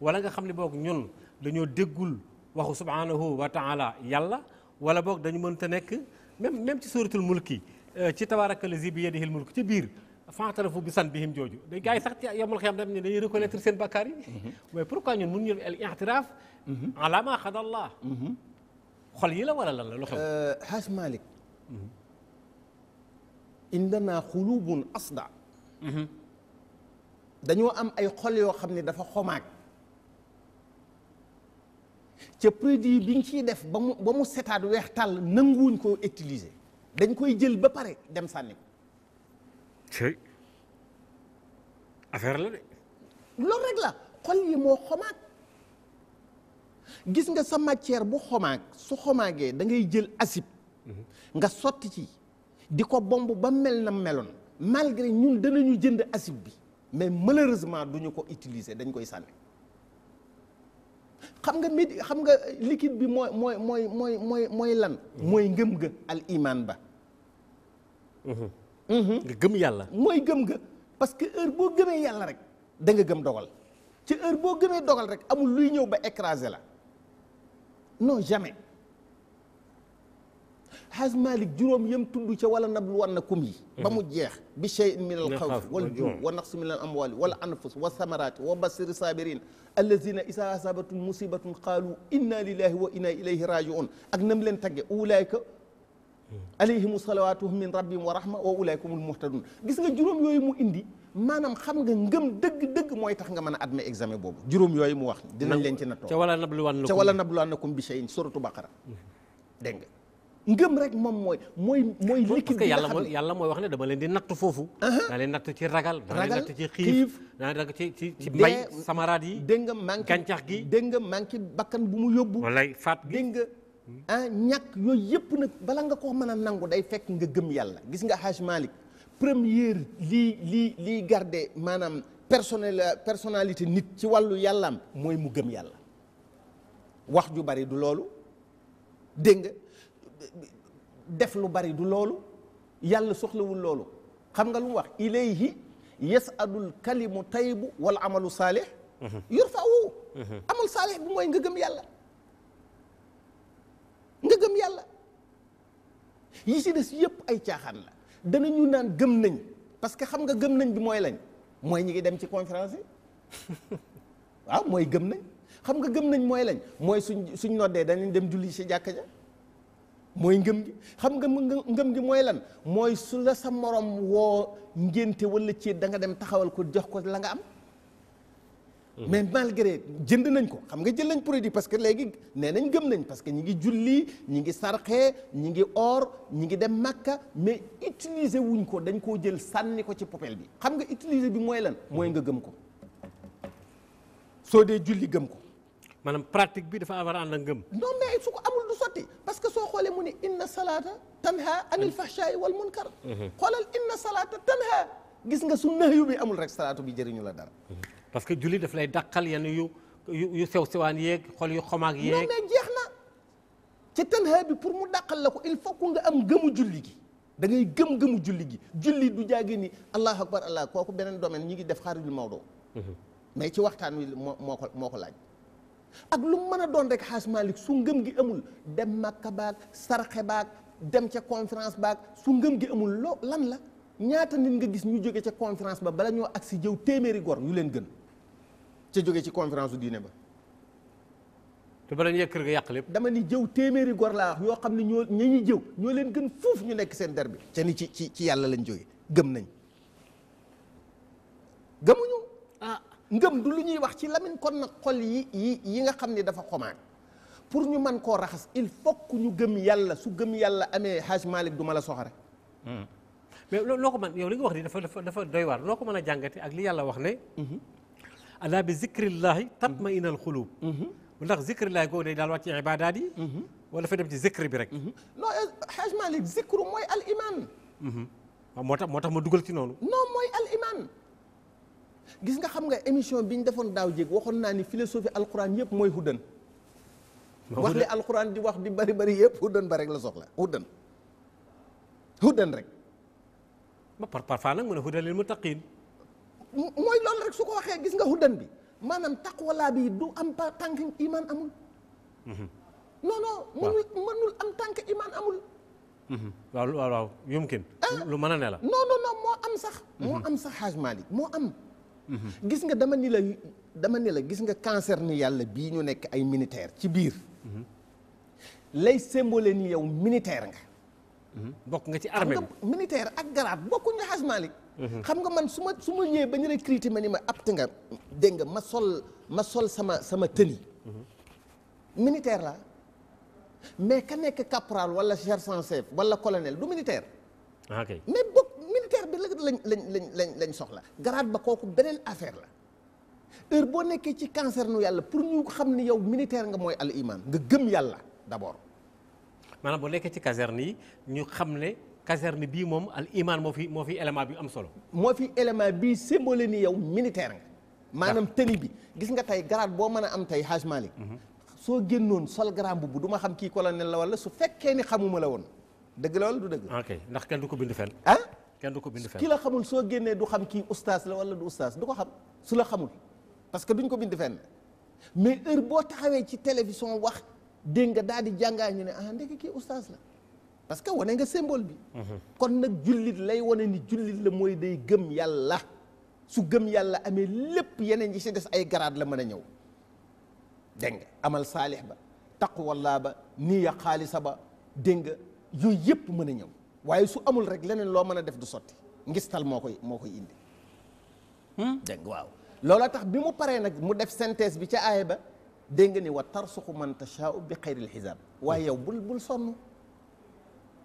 wala nga xam ne boog ñun dañoo déggul waxu subhaanahu wa taala yàlla wala boog dañu mënta nekk même même ci suratul mulki euh, ci tabaaraka lazi bi yi yadihil mulku ci biir. faatarafu bi san bi jooju da gars yi sax yomul xiyam dem ne dañuy mhm. mais pourquoi ñun mun ñu al i'tiraaf mhm. alama xadallah mhm. yi la wala lan la lu xew euh, haaj malik dañoo am ay xol yoo xam ne dafa xomaag ca produit bi ñu ciy def ba mu ba mu setaat weex tàll nanguwuñ koo utiliser dañ koy jël ba pare dem sànni ko ci affaire la de. loolu rek la xol yi moo xomaag gis nga sa matière bu xomaag su xomaagee da ngay jël acide mhm. nga sotti ci di ko bomb ba mel na meloon malgré ñun danañu jënd acide bi mais malheureusement duñu ko utiliser dañ koy sànni xam nga mét xam nga liquide bi mooy mooy mooy mooy mooy mooy lan mhm. mooy ngëm ga al iman ba mhm. Mm-hmm. nga gëm yàlla mooy gëm gë parce que heure boo gëmee yàlla rek da nga gëm dogal ci heure boo gëmee dogal rek amul luy ñëw ba écraser la non jamais xaaj Malick juróom yam tudd ca wala nablu war na kum yi mm-hmm. ba mu jeex bi cheyin min al xawf wal juu wa naqsi min al amwali wal anfus wa samarati wa basiri sabirin allazina isa asabatum musibatun qaalu inna lillahi wa inna ilayhi rajiun ak nam leen tagge ulaayka alayhimu salawaatuhum min rabbihim wa rahma wa ulaykumul muhtadun gis nga juróom yooyu mu indi maanaam xam nga ngëm dëgg-dëgg mooy tax nga mën a admé examen boobu juróom yooyu mu wax dinañ leen ci nattoo ca wala nabluwannakum ca wala nabluwannakum bi shay'in suratu baqara dégg nga ngëm rek moom mooy mooy mooy liquide bi yàlla mooy yàlla mooy wax ne dama leen di natt foofu daa leen natt ci ragal daa leen natt ci xiif daa leen natt ci ci ci mbay yi dégg nga manqué gàncax gi dégg nga manqué bakkan bu mu yóbbu wallaay faat gi nga ah ñàkk yooyu yëpp nag bala nga koo mën a nangu day fekk nga gëm yàlla gis nga Hajj Malick première lii lii lii garde maanaam personnel personnalité nit ci wàllu yàllaam mooy mu gëm yàlla wax ju bari du loolu dégg nga def lu bari du loolu yàlla soxlawul loolu xam nga lu mu wax ilayhi yasadul kalimu tayyibu wal amalu saalih mhm. yurfa'u mhm. amal saalih bi mooy nga gëm yàlla gëm yàlla yi si des yëpp ay caaxaan la danañu naan gëm nañ parce que xam nga gëm nañ bi mooy lañ mooy ñu ngi dem ci conférence yi waaw mooy gëm nañ xam nga gëm nañ mooy lañ mooy suñ suñ noddee danañ dem julli ci jàkka ja mooy ngëm gi xam nga ngëm gi mooy lan mooy su la sa moroom woo ngénte wala ci da nga dem taxawal ko jox ko la nga am Mhm. mais malgré jënd nañ ko xam nga jël nañ produit parce que léegi nee nañ gëm nañ parce que ñi ngi julli ñi ngi sarxee ñi ngi oor ñi ngi dem màkka mais utiliser wuñ ko dañ koo jël sànni ko ci popel bi xam nga utiliser bi mooy lan mooy nga gëm ko soo dee julli gëm ko maanaam pratique bi dafa war a ànd ak ngëm non mais su ko amul du sotti parce que soo xoolee mu ne inna salaata tanha anil fahshaai wal munkar mhm. xoolal inna salaata tanha gis nga su nayu bi amul rek salaatu bi jëriñu la dara mhm. parce que julli daf lay dàqal yenn yu yu sew sewaan yeeg xol yu xomaag yeeg. non mais jeex na ci tanha bi pour mu dàqal la ko il faut que nga am gëmu julli gi da ngay gëm gëmu julli gi julli du jaage ni allahu akbar allah kooku beneen domaine ñi ngi def xaarijul Maodo. Mhm. mais ci waxtaan wi moo moo ko moo ko laaj. ak lu mën a doon rek xaaj Malick su ngëm gi amul dem Makka baag sarxe baag dem ca conférence baag su ngëm gi amul loo lan la ñaata nit nga gis ñu jóge ca conférence ba bala ñoo agsi jëw téeméeri gor yu leen gën. ca jóge ci conférence su diine ba. te bala ñu kër ga yàq lépp. dama ni jëw téeméeri gor laa wax yoo xam ne ñoo ña ñuy jëw ñoo leen gën foofu ñu nekk seen der bi. ca ni ci ci ci yàlla lañ jóge gëm nañ gëmuñu ah ngëm du lu ñuy wax ci lamin kon nag xol yi yi yi nga xam ne dafa xomaag pour ñu man koo raxas il faut ku ñu gëm yàlla su gëm yàlla amee Hajj Malick duma ma la soxare. Hmm. mais loo ko man yow li nga wax nii dafa dafa doy waar loo ko mën a jàngate ak li yàlla wax ne. Mhm. alaa bi zikrillahi tatma inal xulub ndax zikrillahi googu day daal wàcc ci ibaadaat yi wala fa dem zikri bi rek non xaaj Malick zikru mooy al moo tax moo tax ma dugal ci noonu non mooy al gis nga xam nga émission bi ñu defoon daaw jéeg waxoon naa ni philosophie alquran yëpp mooy huddan wax li alquran di wax di bari bari yëpp huddan ba rek la soxla huddan huddan rek ba par parfois nag mu ne huddan lil muttaqin mooy loolu rek su ko waxee gis nga huddan bi maanaam taqwalaa bi du am pa tànk iman amul mm-hmm. non mënul am tànk iman amul mm-hmm. waaw waaw waaw yumkin ah. lu mën a ne la non non non moo am sax mm-hmm. moo am sax Hajj Malick moo am gis nga dama ni la dama ni la gis nga cancer ni yàlla bii ñu nekk ay militaire ci biir lay symbole ni yow militaire nga bokk nga ci armée militaire ak garaat bokkuñu Hajj Malick Mhm. xam nga man su ma su ma ñëwee ba ñu ne criti ma ni ma apt nga dégg nga ma sol ma sol sama sama tenue mhm. la mais ka nekk caporal wala sergent chef wala colonel du militaire. Ah, ok mais boog militaire bi la lañ lañ lañ soxla. grade ba kooku beneen affaire la heure boo nekkee ci cancer nu yàlla pour ñu xam ni yow militaire nga mooy al iman nga gëm yàlla d' abord. boo nekkee ci caserne yi ñu xam ne. caserne bii moom al moo fi moo fi élément bi am solo. moo fi élément bii symbole ni yow militaire nga. maanaam tëni bi gis nga tey grade boo mën a am tey Haj Malick mhm. soo génnoon sol grand bu du ma xam kii colonel la wala su fekkee ni xamuma la woon dëgg la wala du dëgg. ok ndax kenn du ko bind fenn. Ah? kenn du ko bind fenn. ki la xamul soo génnee du xam kii ustaas la wala du ustaas du ko xam su la xamul parce que ñu ko bind fen mais heure boo taxawee ci télévision wax dégg daal di jàngaa ñu ne ah ndeke kii ustaas la. parce que wane nga symbole bi. Mhm. kon nag jullit lay wane ni jullit la mooy day gëm yàlla su gëm yàlla amee lépp yeneen yi si des ay garaad la mën a ñëw dégg nga amal saalix ba taqwallaa ba niya xaalisa ba dégg nga yooyu yëpp mën a ñëw waaye su amul rek leneen loo mën a def du sotti ngistal moo koy moo koy indi. Hmm? dégg waaw loola tax bi mu paree nag mu def synthèse bi ca aaya ba dégg nga ni wa tarsuxu man tashaau bi xayril xisaab waaye yow bul bul sonn.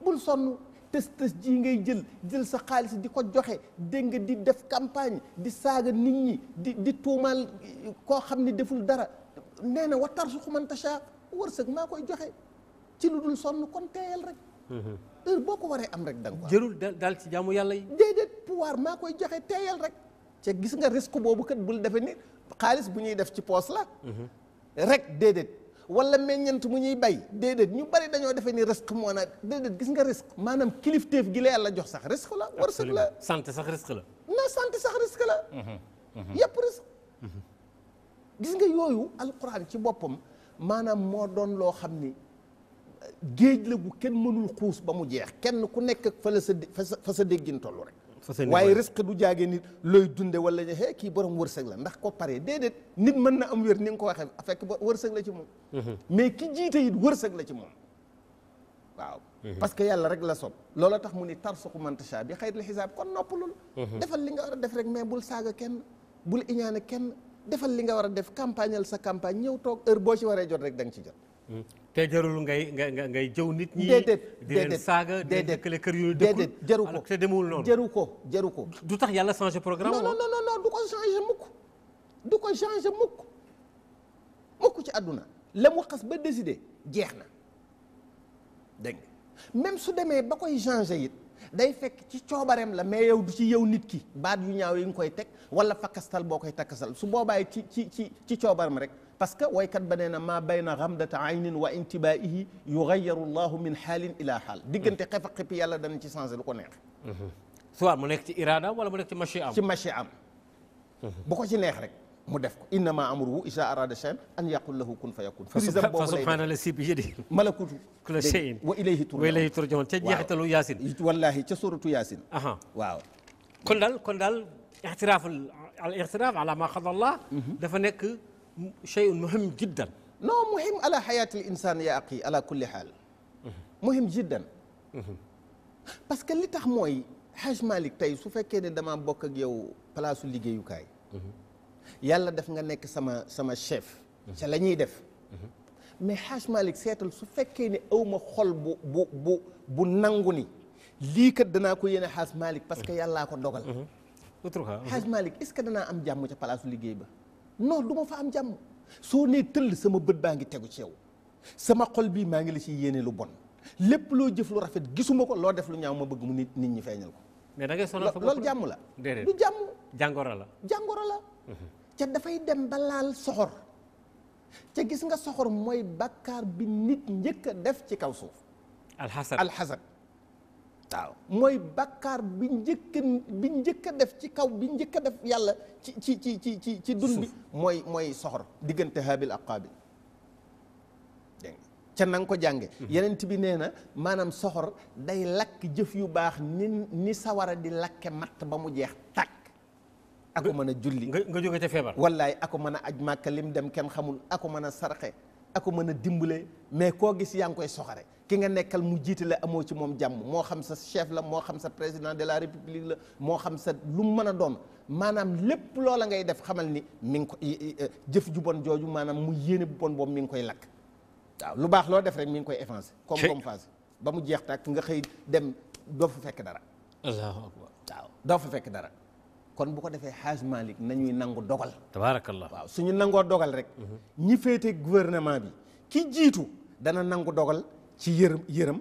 bul sonn tës tës jii ngay jël jël sa xaalis di ko joxe dégg nga di def campagne di saaga nit ñi di di tuumaal koo xam ne deful dara nee na watar su xumantacha wërsëg maa koy joxe ci lu dul sonn kon teeyal rek mhm. heure boo ko waree am rek da nga ko jërul ci jaamu yàlla yi déedéet pouvoir maa koy joxe teeyal rek te gis nga risque boobu kat bul defe ni xaalis bu ñuy def ci poos la mhm. rek déedéet wala meññant mu ñuy bay déedéet ñu bari dañoo defee ni risque moo nag déedéet gis nga risque maanaam kilifteef gi la yàlla jox sax risque la wërsëg la santé sax risque la non santé sax risque la mhm, mhm. yëpp risque mhm. gis nga yooyu alquran ci boppam maanaam moo doon loo xam ni géej la gu kenn mënul xuus ba mu jeex kenn ku nekk fa la sa fa sa déggin tollu rek waaye risque du jaage nit looy dunde wala ne xee kii borom wërsëg la ndax ko pare déedéet nit mën na am wér ni nga ko waxee fekk ba wërsëg la ci moom mhm. mais ki jiite it wërsëg la ci moom waaw mhm. parce que yàlla rek la sob loola tax mu tar tarsuqu man tashaa bi xayril xisaab kon nopp noppalul mhm. defal li nga war a def rek mais bul saaga kenn bul iñaane kenn defal li nga war a def campagnal sa campagne ñëw toog heure boo ci waree jot rek da nga ci jot te jarul ngay ngay ngay jëw nit ñi. déedéet di leen saaga di leen dëkkale kër yu ñu jaru ko te demul noonu jaru ko jaru ko. du tax yàlla changé programme. non non non non du ko changé mukk du ko changé mukk mukk ci àdduna la mu xas ba décidé jeex na dégg nga même su demee ba koy changé it. day fekk ci coobareem la mais yow du ci yow nit ki baat yu ñaaw yi nga koy teg wala fakkastal boo koy takkasal su boobaay ci ci ci ci coobaram rek parce que waykat ba nee na maa bayna xamdata aynin wa intibaihi yugayaru llahu min xaalin ila xaal diggante xef yàlla dana ci changé lu ko neex soit mu nekk ci iraada wala mu nekk ci machi am am bu ko ci neex rek mu def ko innama amruhu isa arada shay'an an yaqul lahu kun fayakun prisam boobu lay subhana la si bi yadi malakutu kula shay'in wa ilayhi turjaun wa ilayhi turjaun ca jeexitalu yaasin wallahi ca suratu yaasin aha waaw kon daal kon daal ixtiraaf al ixtiraaf ala ma qada allah mhm. dafa nekk shay'un muhim jiddan non muhim ala hayati al insan ya aqi ala kulli xaal mhm. muhim jiddan mhm. parce que li tax mooy Haj Malik tey su fekkee ne damaa bokk ak yow palaasu liggéeyukaay yàlla def nga nekk sama sama chef mhm. ca la ñuy def mhm. mais Haj Malick seetal su fekkee ne awma xol bu bu bu bu nangu ni lii kat danaa ko yéene Haj Malick parce que mhm. yàllaa ko dogal Haj Malick est-ce que danaa am jàmm ca palaasu liggéey ba non du ma fa am jàmm soo nee tëll sama bët baa ngi tegu ci yow sama xol bii maa ngi la ci yéene lu bon lépp loo jëf lu rafet gisuma ko loo def lu ñaaw ma bëgg mu nit nit ñi feeñal ko mais loolu jàmm la du jàmm jàngoro la jàngoro la ca dafay dem ba laal soxor ca gis nga soxor mooy bàkkaar bi njëkk def ci kaw suuf alxasad alxasad waaw bi njëkk a def ci kaw bi njëkk a def yàlla ci ci ci ci ci ci dund bi mooy mooy soxor diggante haabil ak ca na ko jànge mhm. yeneen bi nee na maanaam soxor day lakk jëf yu baax ni sawara di lakke matt ba mu jeex tàkk ako mën a julli nga nga jóge te feebar wallaay ako mën a aj màkka lim dem kenn xamul ako mën a sarxe ako mën a dimbale mais koo gis yaa ngi koy soxare ki nga nekkal mu jiitale amoo ci moom jàmm moo xam sa chef la moo xam sa président de la république la moo xam sa lu mu mën a doon maanaam lépp loola ngay def xamal ni mi ngi ko e, jëf ju jooju maanaam mu yéene bu bon boobu mu ngi koy lakk waaw lu baax loo def rek mu ngi koy effacer comme comme phase ba mu jeex tàkk nga xëy dem doo fa fekk dara doo fa fekk dara kon bu ko defee Hadj Malick nañuy nangu dogal. tabaarakallah waaw suñu nangoo dogal rek. ñi féete gouvernement bi ki jiitu dana nangu dogal ci yërëm yërëm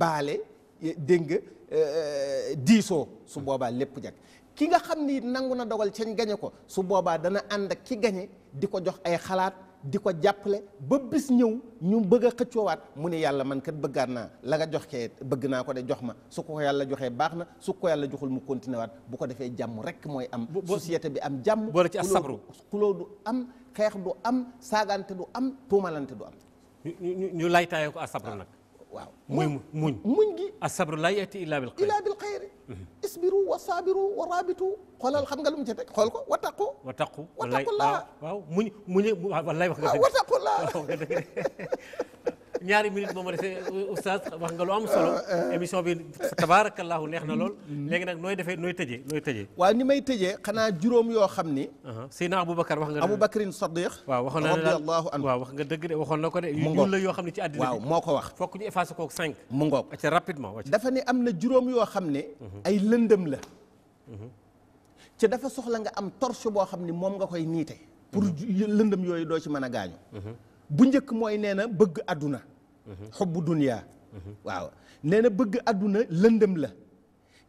baale eh, dégg nga eh, diisoo su boobaa lépp jag ki nga xam ni nangu na dogal cañ gañe ko su boobaa dana ànd ak ki gañe di ko jox ay xalaat. di ko jàppale ba bis ñëw ñu bëgg a xëccoowaat mu ne yàlla man kat bëggaat naa la nga jox kee bëgg naa ko de jox ma su ko yàlla joxee baax na su ko yàlla joxul mu continué bu ko defee jàmm rek mooy am. société bi am jàmm. boole ci asabru xuloo du am xeex du am saagante du am tuumalante du am. ñu ñu ñu laytaayoo ko asabru nag. waaw muñ muñ muñ gi asabru laa yati illa bil xayr illa bil xayr isbiru wa sabiru wa rabitu xoolal xam nga lu mu ci teg xool ko wa taqu wa taqu wa taqu laa waaw muñ muñ wallaay wax nga dëgg ñaari minute moom a defee euh, oustaz wax nga lu am solo euh, euh. émission bi tabaarakallaahu neex na lool léegi nag nooy defee nooy tëjee nooy tëjee waaw ni may tëjee xanaa juróom yoo xam ni uh-huh. Seydina Aboubacar wax nga Aboubacrin Sadiq waaw waxoon na radiyallaahu anhu waaw wax nga dëgg de waxoon na ko de mu la yoo xam ne ci àddina bi waaw moo ko wax fokk ñu effacé ko cinq mu ngoog rapidement dafa ne am na juróom yoo xam ne uh-huh. ay lëndëm la uh-huh. ca dafa soxla nga am torche boo xam ni moom nga koy niite pour lëndëm yooyu doo ci mën a gaañu bu njëkk mooy nee na bëgg àdduna xobbu mhm. duniyaa mhm. waaw nee bëgg àdduna lëndëm la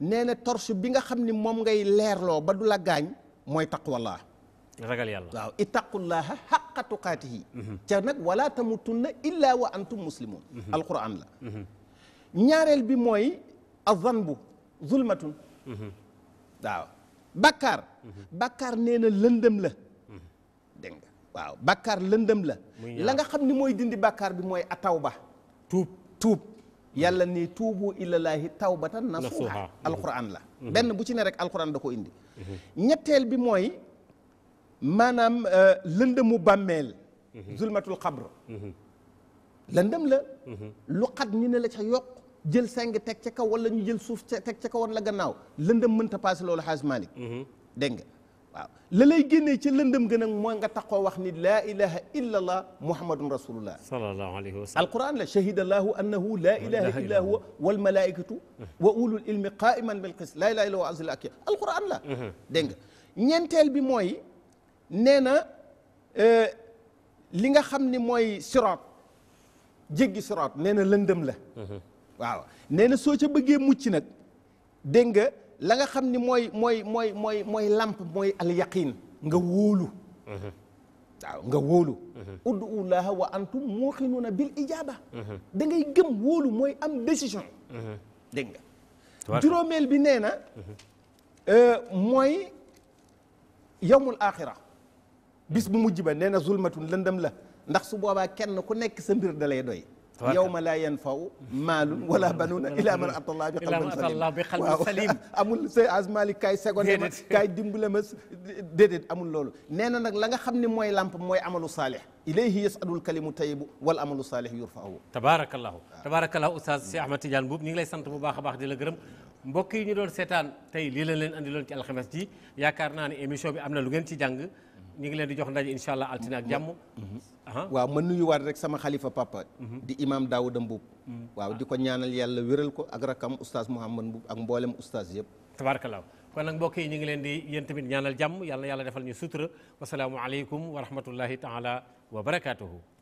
nee na torche bi nga xam ni moom ngay leerloo ba du la gaañ mooy taqwallah ragal yàlla waaw ittaqullaha xaqa tuqaatihi mhm. ca nag wala tamutunna illa wa antum muslimun alquran la ñaareel bi mooy azanbu zulmatun waaw bàkkaar bàkkaar nee lëndëm la waaw bàkkaar lëndëm la la nga xam ni mooy dindi bàkkaar bi mooy a taw ba tuub tuub yàlla ni tuubu ilallaahi tawbatan nasuha alquran la mhm. benn bu ci ne rek alquran da ko indi mhm. ñetteel bi mooy maanaam euh, lëndëmu bàmmeel mhm. zulmatul xabr lëndëm la lu xat ñu ne la ca yokk jël seng teg ca kaw wala ñu jël suuf teg ca kaw woon la gannaaw lëndëm mënta paase loolu xaaj Malick dégg nga waaw la lay génnee ci lëndëm gën nag mooy nga taxoo wax ni laa ilaha illa allah muhammadun rasulullah sallallahu alayhi wa sallam alquran la shahida allahu annahu laa ilaha illa huwa wal malaikatu hmm. wa ulul ilmi qaiman bil qist laa ilaha illa huwa azil akia la hmm. dégg nga bi mooy nee na euh, li nga xam ni mooy siraat jéggi siraat nee na lëndëm la hmm. waaw nee na soo ca bëggee mucc nag dégg la nga xam ni mooy mooy mooy mooy mooy lamp mooy al nga wóolu waaw nga wóolu uddu ullaha wa antum muuqinuuna bil ijaaba da ngay gëm wóolu mooy am décision dégg nga juróomeel bi nee na euh, mooy yowmul axira bis bu mujj ba nee na zulmatun lëndëm la ndax su boobaa kenn ku nekk sa mbir da lay doy yawma laa yanfau maalun wala banuuna illa man atallah bi qalbin salim amul sa asmali kaay seconde ma kaay dimbale ma déedéet amul loolu nee na nag la nga xam ne mooy làmp mooy amalu saalih ilayhi yasadul kalimu tayibu wal amalu saalih yurfaahu tabaarakallahu tabaarakallahu oustaz si ahmad tidiane boobu ñu ngi lay sant bu baax baax di la gërëm mbokk yi ñu doon seetaan tey lii la leen andi loon ci alxames ji yaakaar naa ne émission bi am na lu ngeen ci jàng ñu ngi leen di jox ndaje incha allah altine ak jàmm waaw ma nuyuwaat rek sama xalifa papa mhm. di imam Daouda Mbuub mhm. waaw di ko ñaanal yàlla wéral ko ak rakam oustaz Mouhamad Mbuub ak mboolem oustaz yëpp tabaarkalaaw kon nag mbokk yi ñu ngi leen di yéen tamit ñaanal jàmm yàlla yàlla defal ñu sutura wasalaamualeykum wa rahmatullahi taala wa barakaatuhu